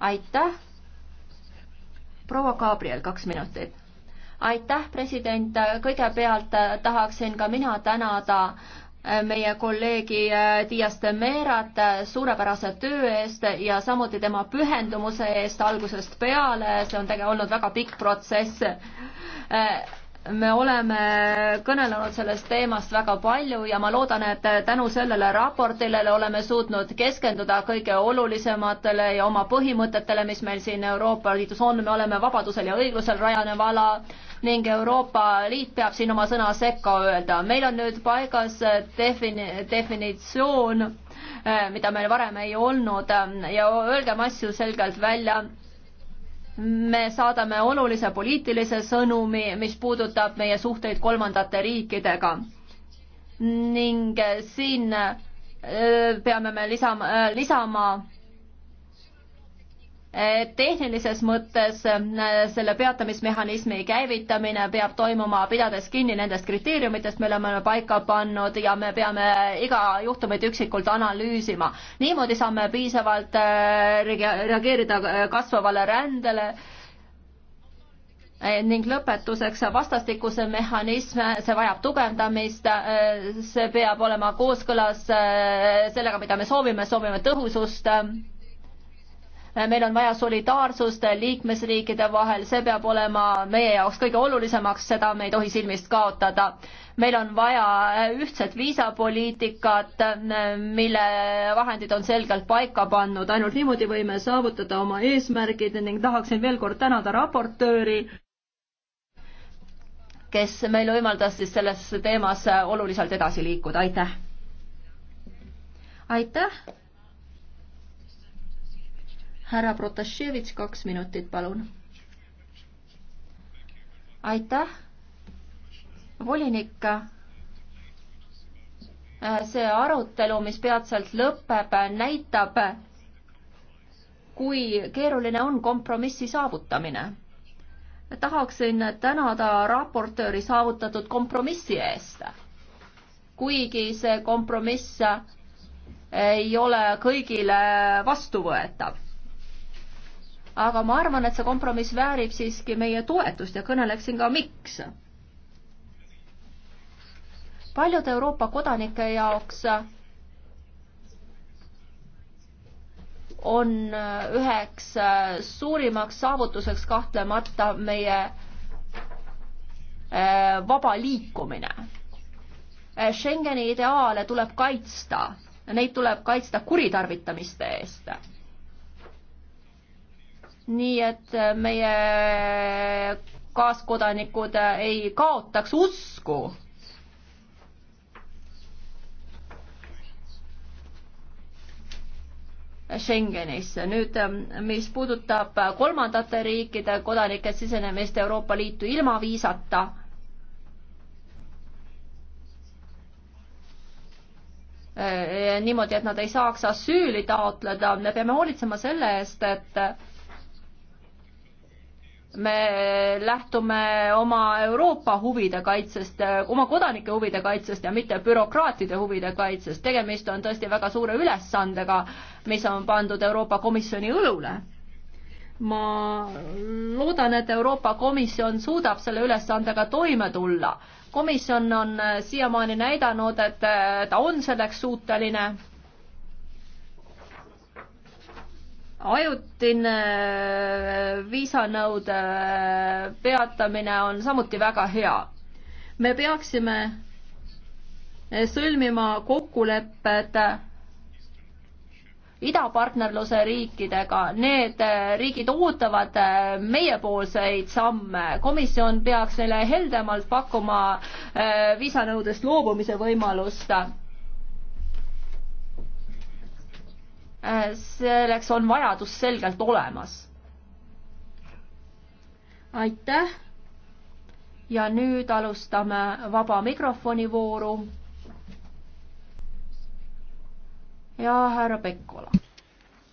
aitäh. proua Gabriel, kaks minutit aitäh, president, kõigepealt eh, tahaksin ka mina tänada meie kolleegi äh, Dias de Merat äh, suurepärase töö eest ja samuti tema pühendumuse eest algusest peale, see on tegelikult olnud väga pikk protsess äh, me oleme kõnelenud sellest teemast väga palju ja ma loodan, et tänu sellele raportile oleme suutnud keskenduda kõige olulisematele ja oma põhimõtetele, mis meil siin Euroopa Liidus on, me oleme vabadusel ja õiglusel rajanev ala ning Euroopa Liit peab siin oma sõna sekka öelda. meil on nüüd paigas defini-, definitsioon, eh, mida meil varem ei olnud ja öelgem asju selgelt välja me saadame olulise poliitilise sõnumi, mis puudutab meie suhteid kolmandate riikidega. ning siin äh, peame me lisama, äh, lisama tehnilises mõttes äh, selle peatamismehhanismi käivitamine peab toimuma, pidades kinni nendest kriteeriumitest, mille me oleme paika pannud ja me peame iga juhtumit üksikult analüüsima. niimoodi saame piisavalt äh, reageerida äh, kasvavale rändele ning lõpetuseks vastastikuse mehhanism, see vajab tugevdamist, see peab olema kooskõlas sellega, mida me soovime, soovime tõhusust meil on vaja solidaarsust liikmesriikide vahel, see peab olema meie jaoks kõige olulisemaks, seda me ei tohi silmist kaotada. meil on vaja ühtset viisapoliitikat, mille vahendid on selgelt paika pannud, ainult niimoodi võime saavutada oma eesmärgid ning tahaksin veel kord tänada raportööri kes meil võimaldas siis selles teemas oluliselt edasi liikuda, aitäh! aitäh! härra Protasevitš, kaks minutit, palun. aitäh, volinik äh, see arutelu, mis peatselt lõpeb, näitab, kui keeruline on kompromissi saavutamine. tahaksin tänada raportööri saavutatud kompromissi eest. kuigi see kompromiss ei ole kõigile vastuvõetav aga ma arvan, et see kompromiss väärib siiski meie toetust ja kõneleksin ka, miks. paljude Euroopa kodanike jaoks on üheks suurimaks saavutuseks kahtlemata meie eh, vaba liikumine. Eh, Schengeni ideaale tuleb kaitsta, neid tuleb kaitsta kuritarvitamiste eest nii et äh, meie kaaskodanikud äh, ei kaotaks usku. Schengenisse. nüüd, äh, mis puudutab kolmandate riikide kodanike sisenemist Euroopa Liitu ilma viisata niimoodi, et nad ei saaks asüüli taotleda, me peame hoolitsema selle eest, et me lähtume oma Euroopa huvide kaitsest, oma kodanike huvide kaitsest ja mitte bürokraatide huvide kaitsest. tegemist on tõesti väga suure ülesandega, mis on pandud Euroopa Komisjoni õlule. ma loodan, et Euroopa Komisjon suudab selle ülesandega toime tulla. komisjon on siiamaani näidanud, et ta on selleks suuteline ajutine äh, viisanõude äh, peatamine on samuti väga hea. me peaksime äh, sõlmima kokkulepped idapartnerluse riikidega, need riigid ootavad meiepoolseid samme. komisjon peaks neile heldemalt pakkuma viisanõudest loobumise võimalust Äh, selleks on vajadus selgelt olemas. aitäh. ja nüüd alustame vaba mikrofoni vooru. ja härra Pekkola.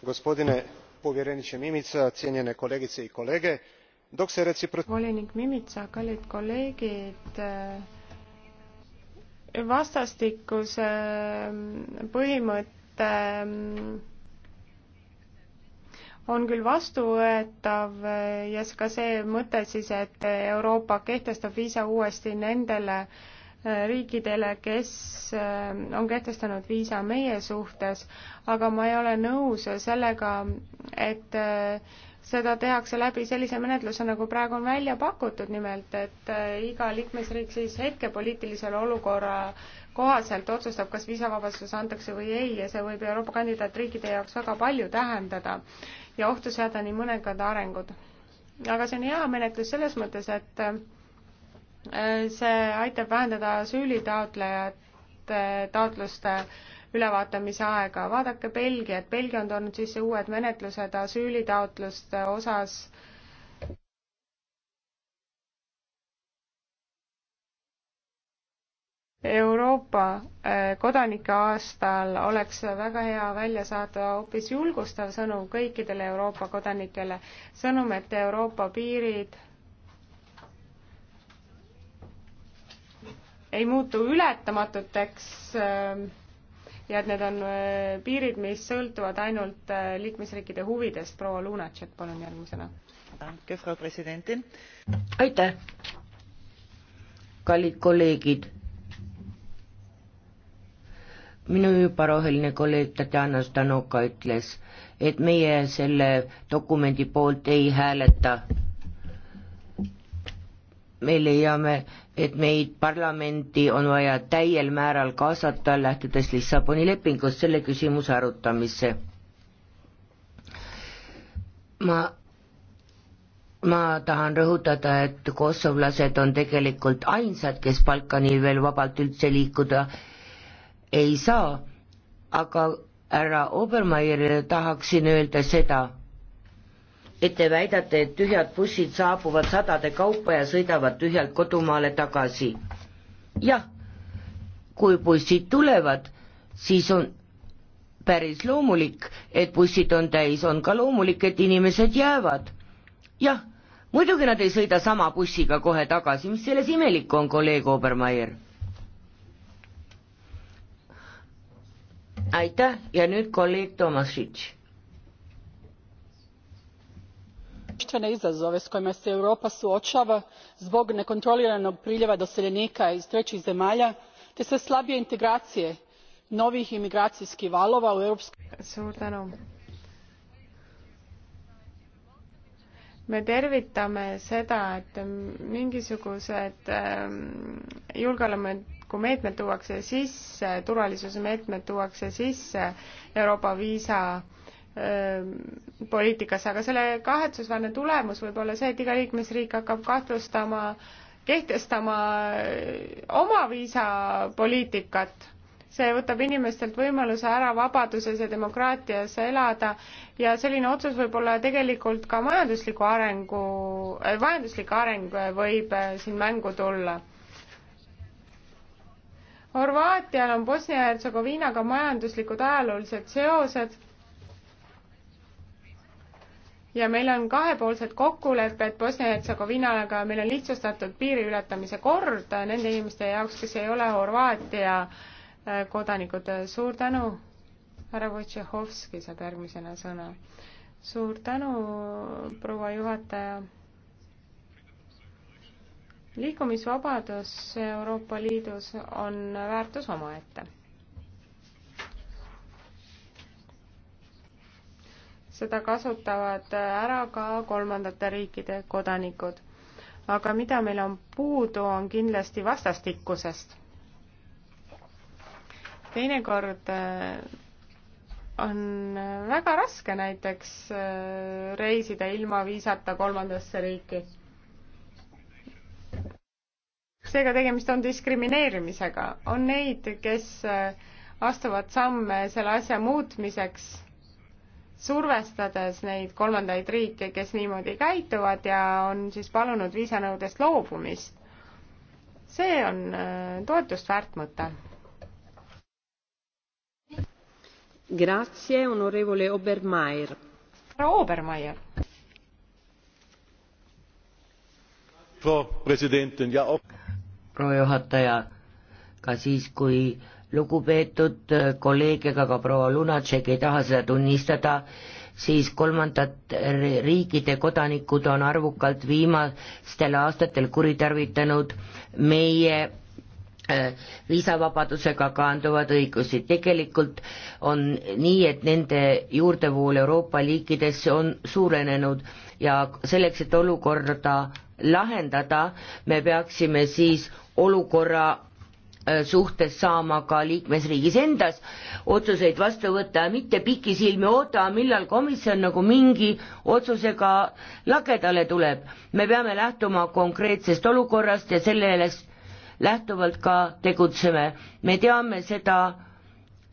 gospodine povjereniče Mimica, cijenjene kolegice i kolege, dok se retsipro-. volinik Mimica, kallid kolleegid vastastikuse põhimõte on küll vastuvõetav ja ka see mõte siis, et Euroopa kehtestab viisa uuesti nendele äh, riikidele, kes äh, on kehtestanud viisa meie suhtes, aga ma ei ole nõus sellega, et äh, seda tehakse läbi sellise menetluse, nagu praegu on välja pakutud, nimelt et iga liikmesriik siis hetkepoliitilisele olukorra kohaselt otsustab, kas viisavabastus antakse või ei ja see võib Euroopa kandidaatriikide jaoks väga palju tähendada ja ohtu seada nii mõningad arengud. aga see on hea menetlus selles mõttes, et äh, see aitab vähendada asüülitaotlejate taotluste ülevaatamise aega. vaadake Belgiat, Belgia on toonud sisse uued menetlused asüülitaotluste osas Euroopa äh, kodanike aastal oleks väga hea välja saada hoopis julgustav sõnum kõikidele Euroopa kodanikele, sõnum, et Euroopa piirid ei muutu ületamatuteks ähm, ja et need on äh, piirid, mis sõltuvad ainult äh, liikmesriikide huvidest. proua Lunatšek, palun järgmisena. aitäh, kallid kolleegid minu juba roheline kolleeg Tatjana Stanoka ütles, et meie selle dokumendi poolt ei hääleta. me leiame, et meid parlamenti on vaja täiel määral kaasata, lähtudes Lissaboni lepingust selle küsimuse arutamisse. ma ma tahan rõhutada, et kosovlased on tegelikult ainsad, kes Balkanil veel vabalt üldse liikuda ei saa, aga härra Obermeierile tahaksin öelda seda, et te väidate, et tühjad bussid saabuvad sadade kaupa ja sõidavad tühjalt kodumaale tagasi. jah, kui bussid tulevad, siis on päris loomulik, et bussid on täis, on ka loomulik, et inimesed jäävad. jah, muidugi nad ei sõida sama bussiga kohe tagasi, mis selles imelikku on, kolleeg Obermeier aitäh ja nüüd kolleeg Tomasic. izazove s kojima se europa suočava zbog nekontroliranog priljeva doseljenika iz trećih zemalja te sve slabije integracije novih imigracijskih valova u europsku me tervitame seda, et mingisugused ehm, julgeoleku kui meetmed tuuakse sisse, turvalisuse meetmed tuuakse sisse Euroopa viisa ähm, poliitikasse, aga selle kahetsusväärne tulemus võib olla see, et iga liikmesriik hakkab kahtlustama, kehtestama äh, oma viisapoliitikat. see võtab inimestelt võimaluse ära vabaduses ja demokraatias elada ja selline otsus võib olla tegelikult ka majandusliku arengu äh,, majanduslik areng võib äh, siin mängu tulla Horvaatial on Bosnia-Hertsegoviinaga majanduslikud ajaloolised seosed ja meil on kahepoolsed kokkulepped Bosnia-Hertsegoviinaga, meil on lihtsustatud piiriületamise kord nende inimeste jaoks, kes ei ole Horvaatia äh, kodanikud. suur tänu, härra Wojciechowski saab järgmisena sõna. suur tänu, proua juhataja liikumisvabadus Euroopa Liidus on väärtus omaette. seda kasutavad ära ka kolmandate riikide kodanikud. aga mida meil on puudu, on kindlasti vastastikkusest. teinekord eh, on väga raske näiteks eh, reisida ilma viisata kolmandasse riiki seega tegemist on diskrimineerimisega. on neid, kes äh, astuvad samme selle asja muutmiseks, survestades neid kolmandaid riike, kes niimoodi käituvad ja on siis palunud viisanõudest loobumist. see on äh, toetust väärt mõte. Grazie, onorevole Obermeier. härra Obermeier frau präsidentin! proua juhataja, ka siis, kui lugupeetud äh, kolleeg ega ka proua Lunatšek ei taha seda tunnistada, siis kolmandat riikide kodanikud on arvukalt viimastel aastatel kuritarvitanud meie äh, viisavabadusega kaanduvad õigusi. tegelikult on nii, et nende juurdevool Euroopa liikidesse on suurenenud ja selleks, et olukorda lahendada, me peaksime siis olukorra äh, suhtes saama ka liikmesriigis endas otsuseid vastu võtta, mitte pikisilmi oota, millal komisjon nagu mingi otsusega lagedale tuleb. me peame lähtuma konkreetsest olukorrast ja sellest lähtuvalt ka tegutseme. me teame seda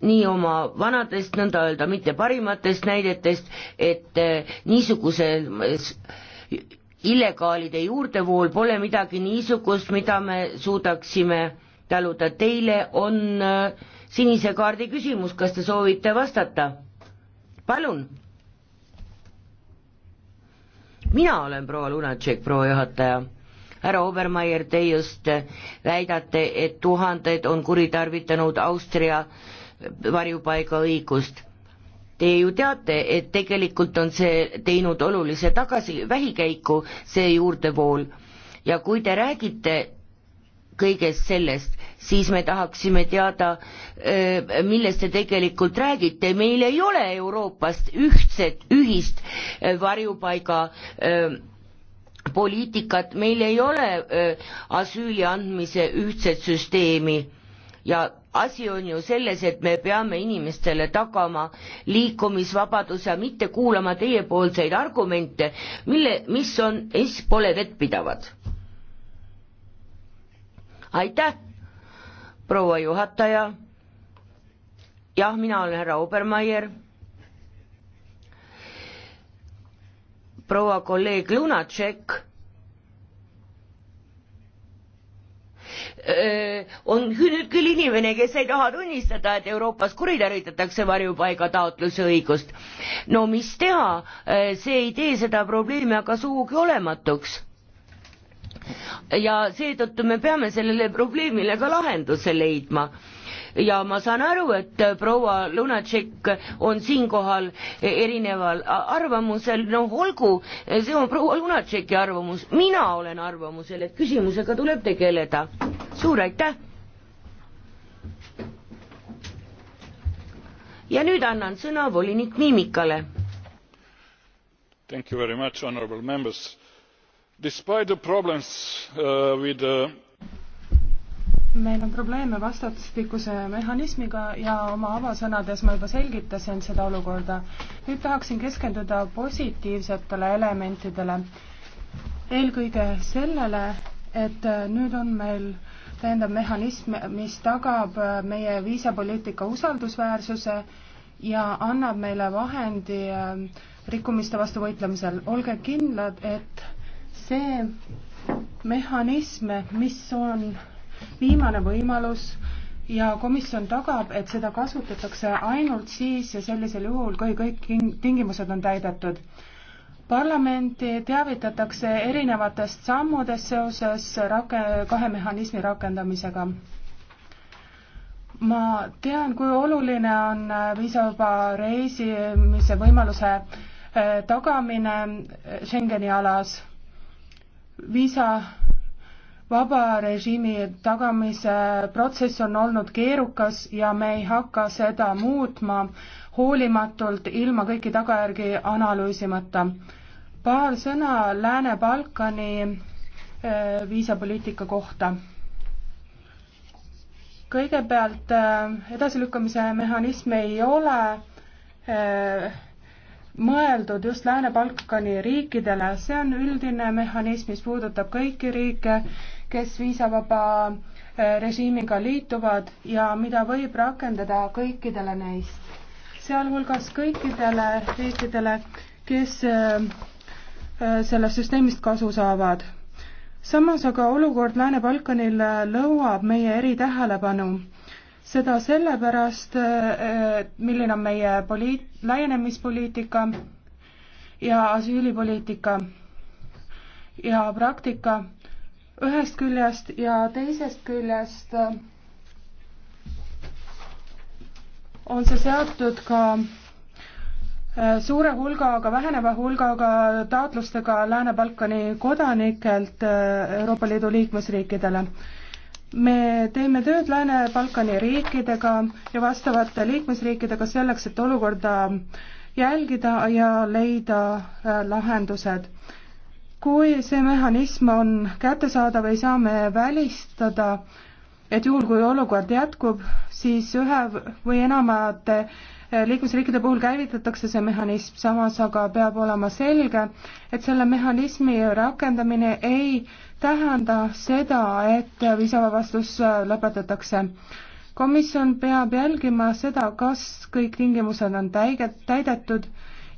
nii oma vanadest, nõnda öelda mitte parimatest näidetest, et äh, niisuguses illegaalide juurdevool pole midagi niisugust, mida me suudaksime taluda. Teile on äh, sinise kaardi küsimus, kas te soovite vastata? palun. mina olen proua Lunatšek, proua juhataja. härra Obermeier, te just äh, väidate, et tuhanded on kuritarvitanud Austria varjupaigaõigust Te ju teate, et tegelikult on see teinud olulise tagasi, vähikäiku, see juurdevool. ja kui te räägite kõigest sellest, siis me tahaksime teada, äh, millest te tegelikult räägite, meil ei ole Euroopast ühtset, ühist äh, varjupaiga äh, poliitikat, meil ei ole asüüli andmise ühtset süsteemi ja asi on ju selles, et me peame inimestele tagama liikumisvabaduse, mitte kuulama teiepoolseid argumente, mille, mis on, mis pole vettpidavad. aitäh, proua juhataja. jah, mina olen härra Obermeier. proua kolleeg Lunatšek on küll, küll inimene, kes ei taha tunnistada, et Euroopas kuritarvitatakse varjupaigataotluse õigust. no mis teha, see ei tee seda probleemi aga sugugi olematuks ja seetõttu me peame sellele probleemile ka lahenduse leidma ja ma saan aru, et proua Lunatšek on siinkohal erineval arvamusel, noh olgu, see on proua Lunatšeki arvamus, mina olen arvamusel, et küsimusega tuleb tegeleda. suur aitäh! ja nüüd annan sõna volinik Mimikale. Thank you very much, honorable members. Despite the problems uh, with the uh, meil on probleeme vastastikuse mehhanismiga ja oma avasõnades ma juba selgitasin seda olukorda. nüüd tahaksin keskenduda positiivsetele elementidele. eelkõige sellele, et nüüd on meil täiendav mehhanism, mis tagab meie viisapoliitika usaldusväärsuse ja annab meile vahendi äh, rikkumiste vastu võitlemisel. olge kindlad, et see mehhanism, mis on viimane võimalus ja komisjon tagab, et seda kasutatakse ainult siis ja sellisel juhul, kui kõik tingimused on täidetud. parlamenti teavitatakse erinevatest sammudest seoses rake-, kahe mehhanismi rakendamisega ma tean, kui oluline on äh, viisavaba reisimise võimaluse äh, tagamine äh, Schengeni alas. viisa vaba režiimi tagamise protsess on olnud keerukas ja me ei hakka seda muutma hoolimatult, ilma kõiki tagajärgi analüüsimata. paar sõna Lääne-Balkani eh, viisapoliitika kohta. kõigepealt eh, edasilükkamise mehhanismi ei ole eh, mõeldud just Lääne-Balkani riikidele, see on üldine mehhanism, mis puudutab kõiki riike, kes viisavaba eh, režiimiga liituvad ja mida võib rakendada kõikidele neist, sealhulgas kõikidele riikidele, kes eh, eh, sellest süsteemist kasu saavad. samas aga olukord Lääne-Balkanil lõuab meie eritähelepanu seda sellepärast, eh, milline on meie poliit-, laienemispoliitika ja asüülipoliitika ja praktika ühest küljest ja teisest küljest eh, on see seotud ka eh, suure hulga, aga väheneva hulgaga taotlustega Lääne-Balkani kodanikelt Euroopa Liidu liikmesriikidele me teeme tööd Lääne-Balkani riikidega ja vastavate liikmesriikidega selleks, et olukorda jälgida ja leida äh, lahendused. kui see mehhanism on kättesaadav, ei saa me välistada, et juhul, kui olukord jätkub, siis ühe või enamate äh, liikmesriikide puhul käivitatakse see mehhanism, samas aga peab olema selge, et selle mehhanismi rakendamine ei äh, tähenda seda, et viisavabastus äh, lõpetatakse. komisjon peab jälgima seda, kas kõik tingimused on täige-, täidetud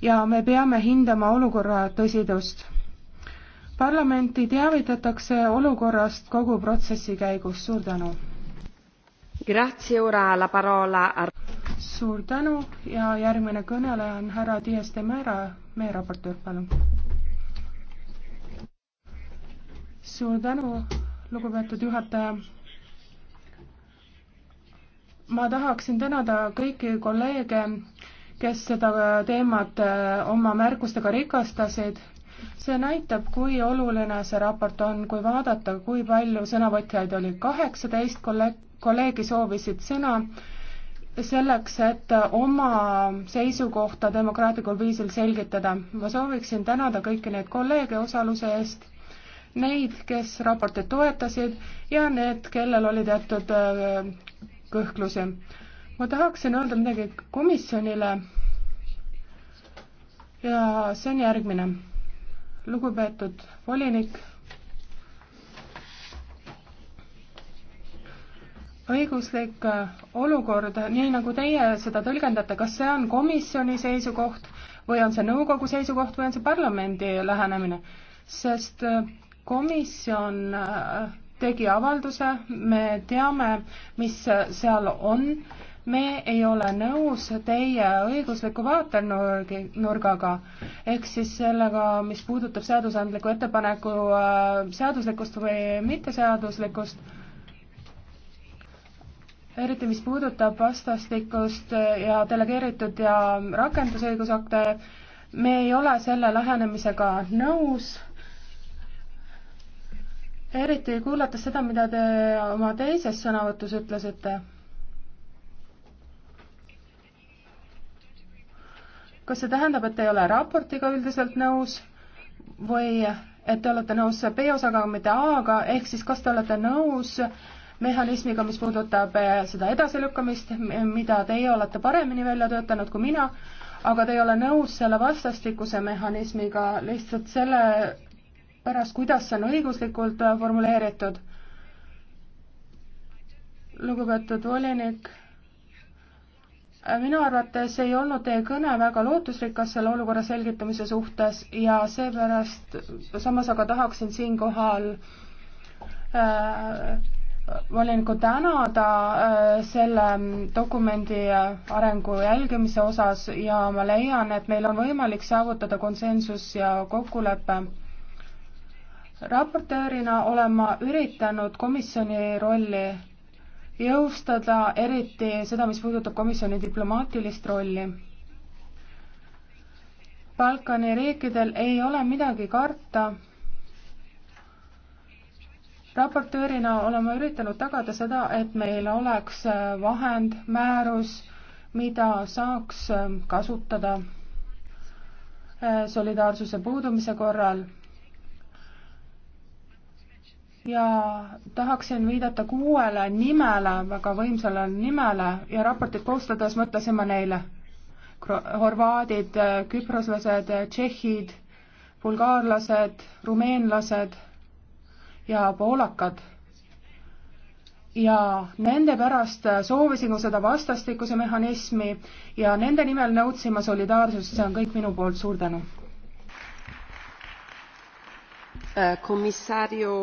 ja me peame hindama olukorra tõsidust. parlamenti teavitatakse olukorrast kogu protsessi käigus, suur tänu! suur tänu ja järgmine kõneleja on härra Dias de Mera, meie raportöör, palun! suur tänu, lugupeetud juhataja. ma tahaksin tänada kõiki kolleege, kes seda teemat eh, oma märkustega rikastasid. see näitab, kui oluline see raport on, kui vaadata, kui palju sõnavõtjaid oli. kaheksateist kolleegi soovisid sõna selleks, et oma seisukohta demokraatlikul viisil selgitada. ma sooviksin tänada kõiki neid kolleege osaluse eest neid, kes raportit toetasid ja need, kellel oli teatud äh, kõhklusi. ma tahaksin öelda midagi komisjonile ja see on järgmine. lugupeetud volinik, õiguslik äh, olukord, nii nagu teie seda tõlgendate, kas see on komisjoni seisukoht või on see nõukogu seisukoht või on see parlamendi lähenemine? sest äh, komisjon äh, tegi avalduse, me teame, mis seal on. me ei ole nõus teie õigusliku vaatenurgaga ehk siis sellega, mis puudutab seadusandliku ettepaneku äh, seaduslikkust või mitteseaduslikkust eriti mis puudutab vastastikust ja delegeeritud ja rakendusõigusakte, me ei ole selle lähenemisega nõus eriti kuulates seda, mida te oma teises sõnavõtus ütlesite. kas see tähendab, et te ei ole raportiga üldiselt nõus või et te olete nõus B-osaga, mitte A-ga, ehk siis kas te olete nõus mehhanismiga, mis puudutab eh, seda edasilükkamist, mida teie olete paremini välja töötanud kui mina, aga te ei ole nõus selle vastastikuse mehhanismiga lihtsalt selle pärast, kuidas see on õiguslikult äh, formuleeritud. lugupeetud volinik, äh, minu arvates ei olnud teie kõne väga lootusrikas selle olukorra selgitamise suhtes ja seepärast samas aga tahaksin siinkohal äh, volinikku tänada äh, selle mm, dokumendi arengu jälgimise osas ja ma leian, et meil on võimalik saavutada konsensus ja kokkulepe raportöörina olen ma üritanud komisjoni rolli jõustada, eriti seda, mis puudutab komisjoni diplomaatilist rolli. Balkani riikidel ei ole midagi karta. raportöörina olen ma üritanud tagada seda, et meil oleks vahend, määrus, mida saaks kasutada solidaarsuse puudumise korral ja tahaksin viidata kuuele nimele, väga võimsale nimele ja raportit koostades mõtlesime neile. horvaadid, küproslased, tšehhid, bulgaarlased, rumeenlased ja poolakad. ja nende pärast soovisin ma seda vastastikuse mehhanismi ja nende nimel nõudsin ma solidaarsust, see on kõik minu poolt, suur tänu. Äh, komissario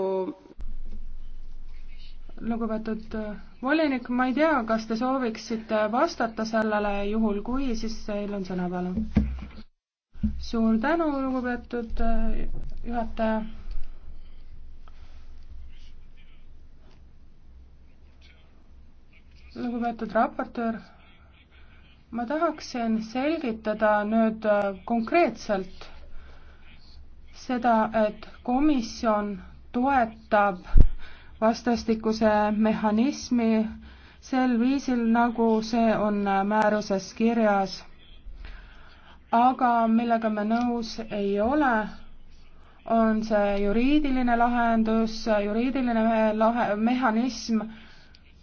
lugupeetud äh, volinik, ma ei tea, kas te sooviksite vastata sellele, juhul kui, siis teil on sõna, palun. suur tänu, lugupeetud äh, juhataja. lugupeetud raportöör, ma tahaksin selgitada nüüd äh, konkreetselt seda, et komisjon toetab vastastikuse mehhanismi sel viisil, nagu see on määruses kirjas. aga millega me nõus ei ole, on see juriidiline lahendus, juriidiline lahe, mehhanism,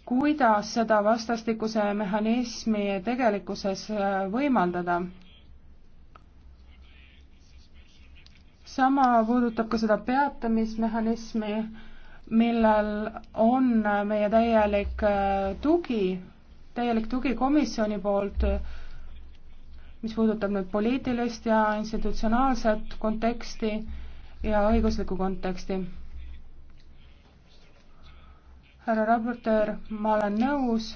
kuidas seda vastastikuse mehhanismi tegelikkuses äh, võimaldada. sama puudutab ka seda peatamismehhanismi millel on meie täielik äh, tugi, täielik tugi komisjoni poolt, mis puudutab nüüd poliitilist ja institutsionaalset konteksti ja õiguslikku konteksti. härra raportöör, ma olen nõus,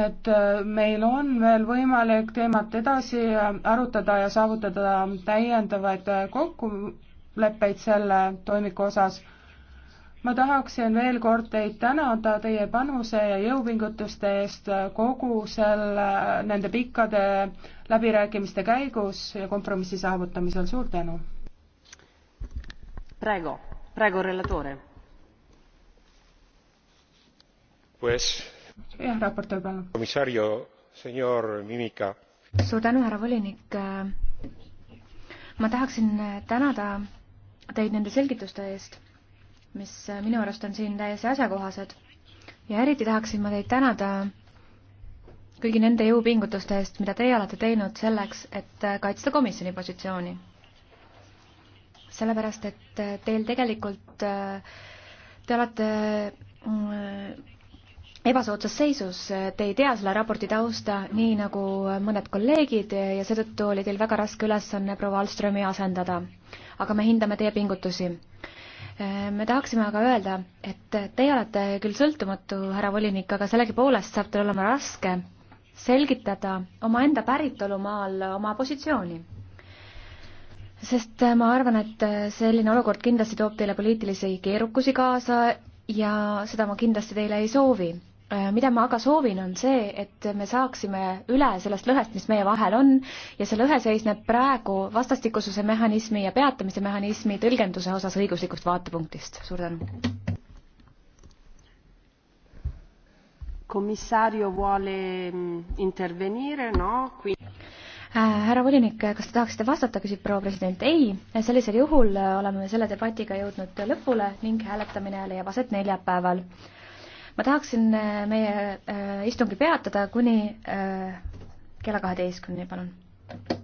et äh, meil on veel võimalik teemat edasi äh, arutada ja saavutada täiendavaid kokku leppeid selle toimiku osas. ma tahaksin veel kord teid tänada teie panuse ja jõupingutuste eest kogu selle, nende pikkade läbirääkimiste käigus ja kompromissi saavutamisel, suur tänu! Prego, prego relatore. Pues, jah, raportöör, palun. komissario, senor Mimica. suur tänu, härra volinik. ma tahaksin tänada teid nende selgituste eest, mis äh, minu arust on siin täiesti asjakohased. ja eriti tahaksin ma teid tänada kõigi nende jõupingutuste eest, mida teie olete teinud selleks, et äh, kaitsta komisjoni positsiooni. sellepärast, et äh, teil tegelikult, te olete mm, ebasoodsas seisus, te ei tea selle raporti tausta, nii nagu mõned kolleegid ja seetõttu oli teil väga raske ülesanne proua Alströmi asendada. aga me hindame teie pingutusi. me tahaksime aga öelda, et teie olete küll sõltumatu, härra volinik, aga sellegipoolest saab teil olema raske selgitada omaenda päritolumaal oma positsiooni sest ma arvan, et selline olukord kindlasti toob teile poliitilisi keerukusi kaasa ja seda ma kindlasti teile ei soovi. Äh, mida ma aga soovin, on see, et me saaksime üle sellest lõhest, mis meie vahel on ja see lõhe seisneb praegu vastastikususe mehhanismi ja peatamise mehhanismi tõlgenduse osas õiguslikust vaatepunktist. suur tänu. komissario vuole mm, intervenire, no qui äh, härra volinik, kas te tahaksite vastata, küsib proua president. ei, sellisel juhul oleme selle debatiga jõudnud lõpule ning hääletamine leiab aset neljapäeval ma tahaksin äh, meie äh, istungi peatada kuni äh, kella kaheteistkümneni, palun.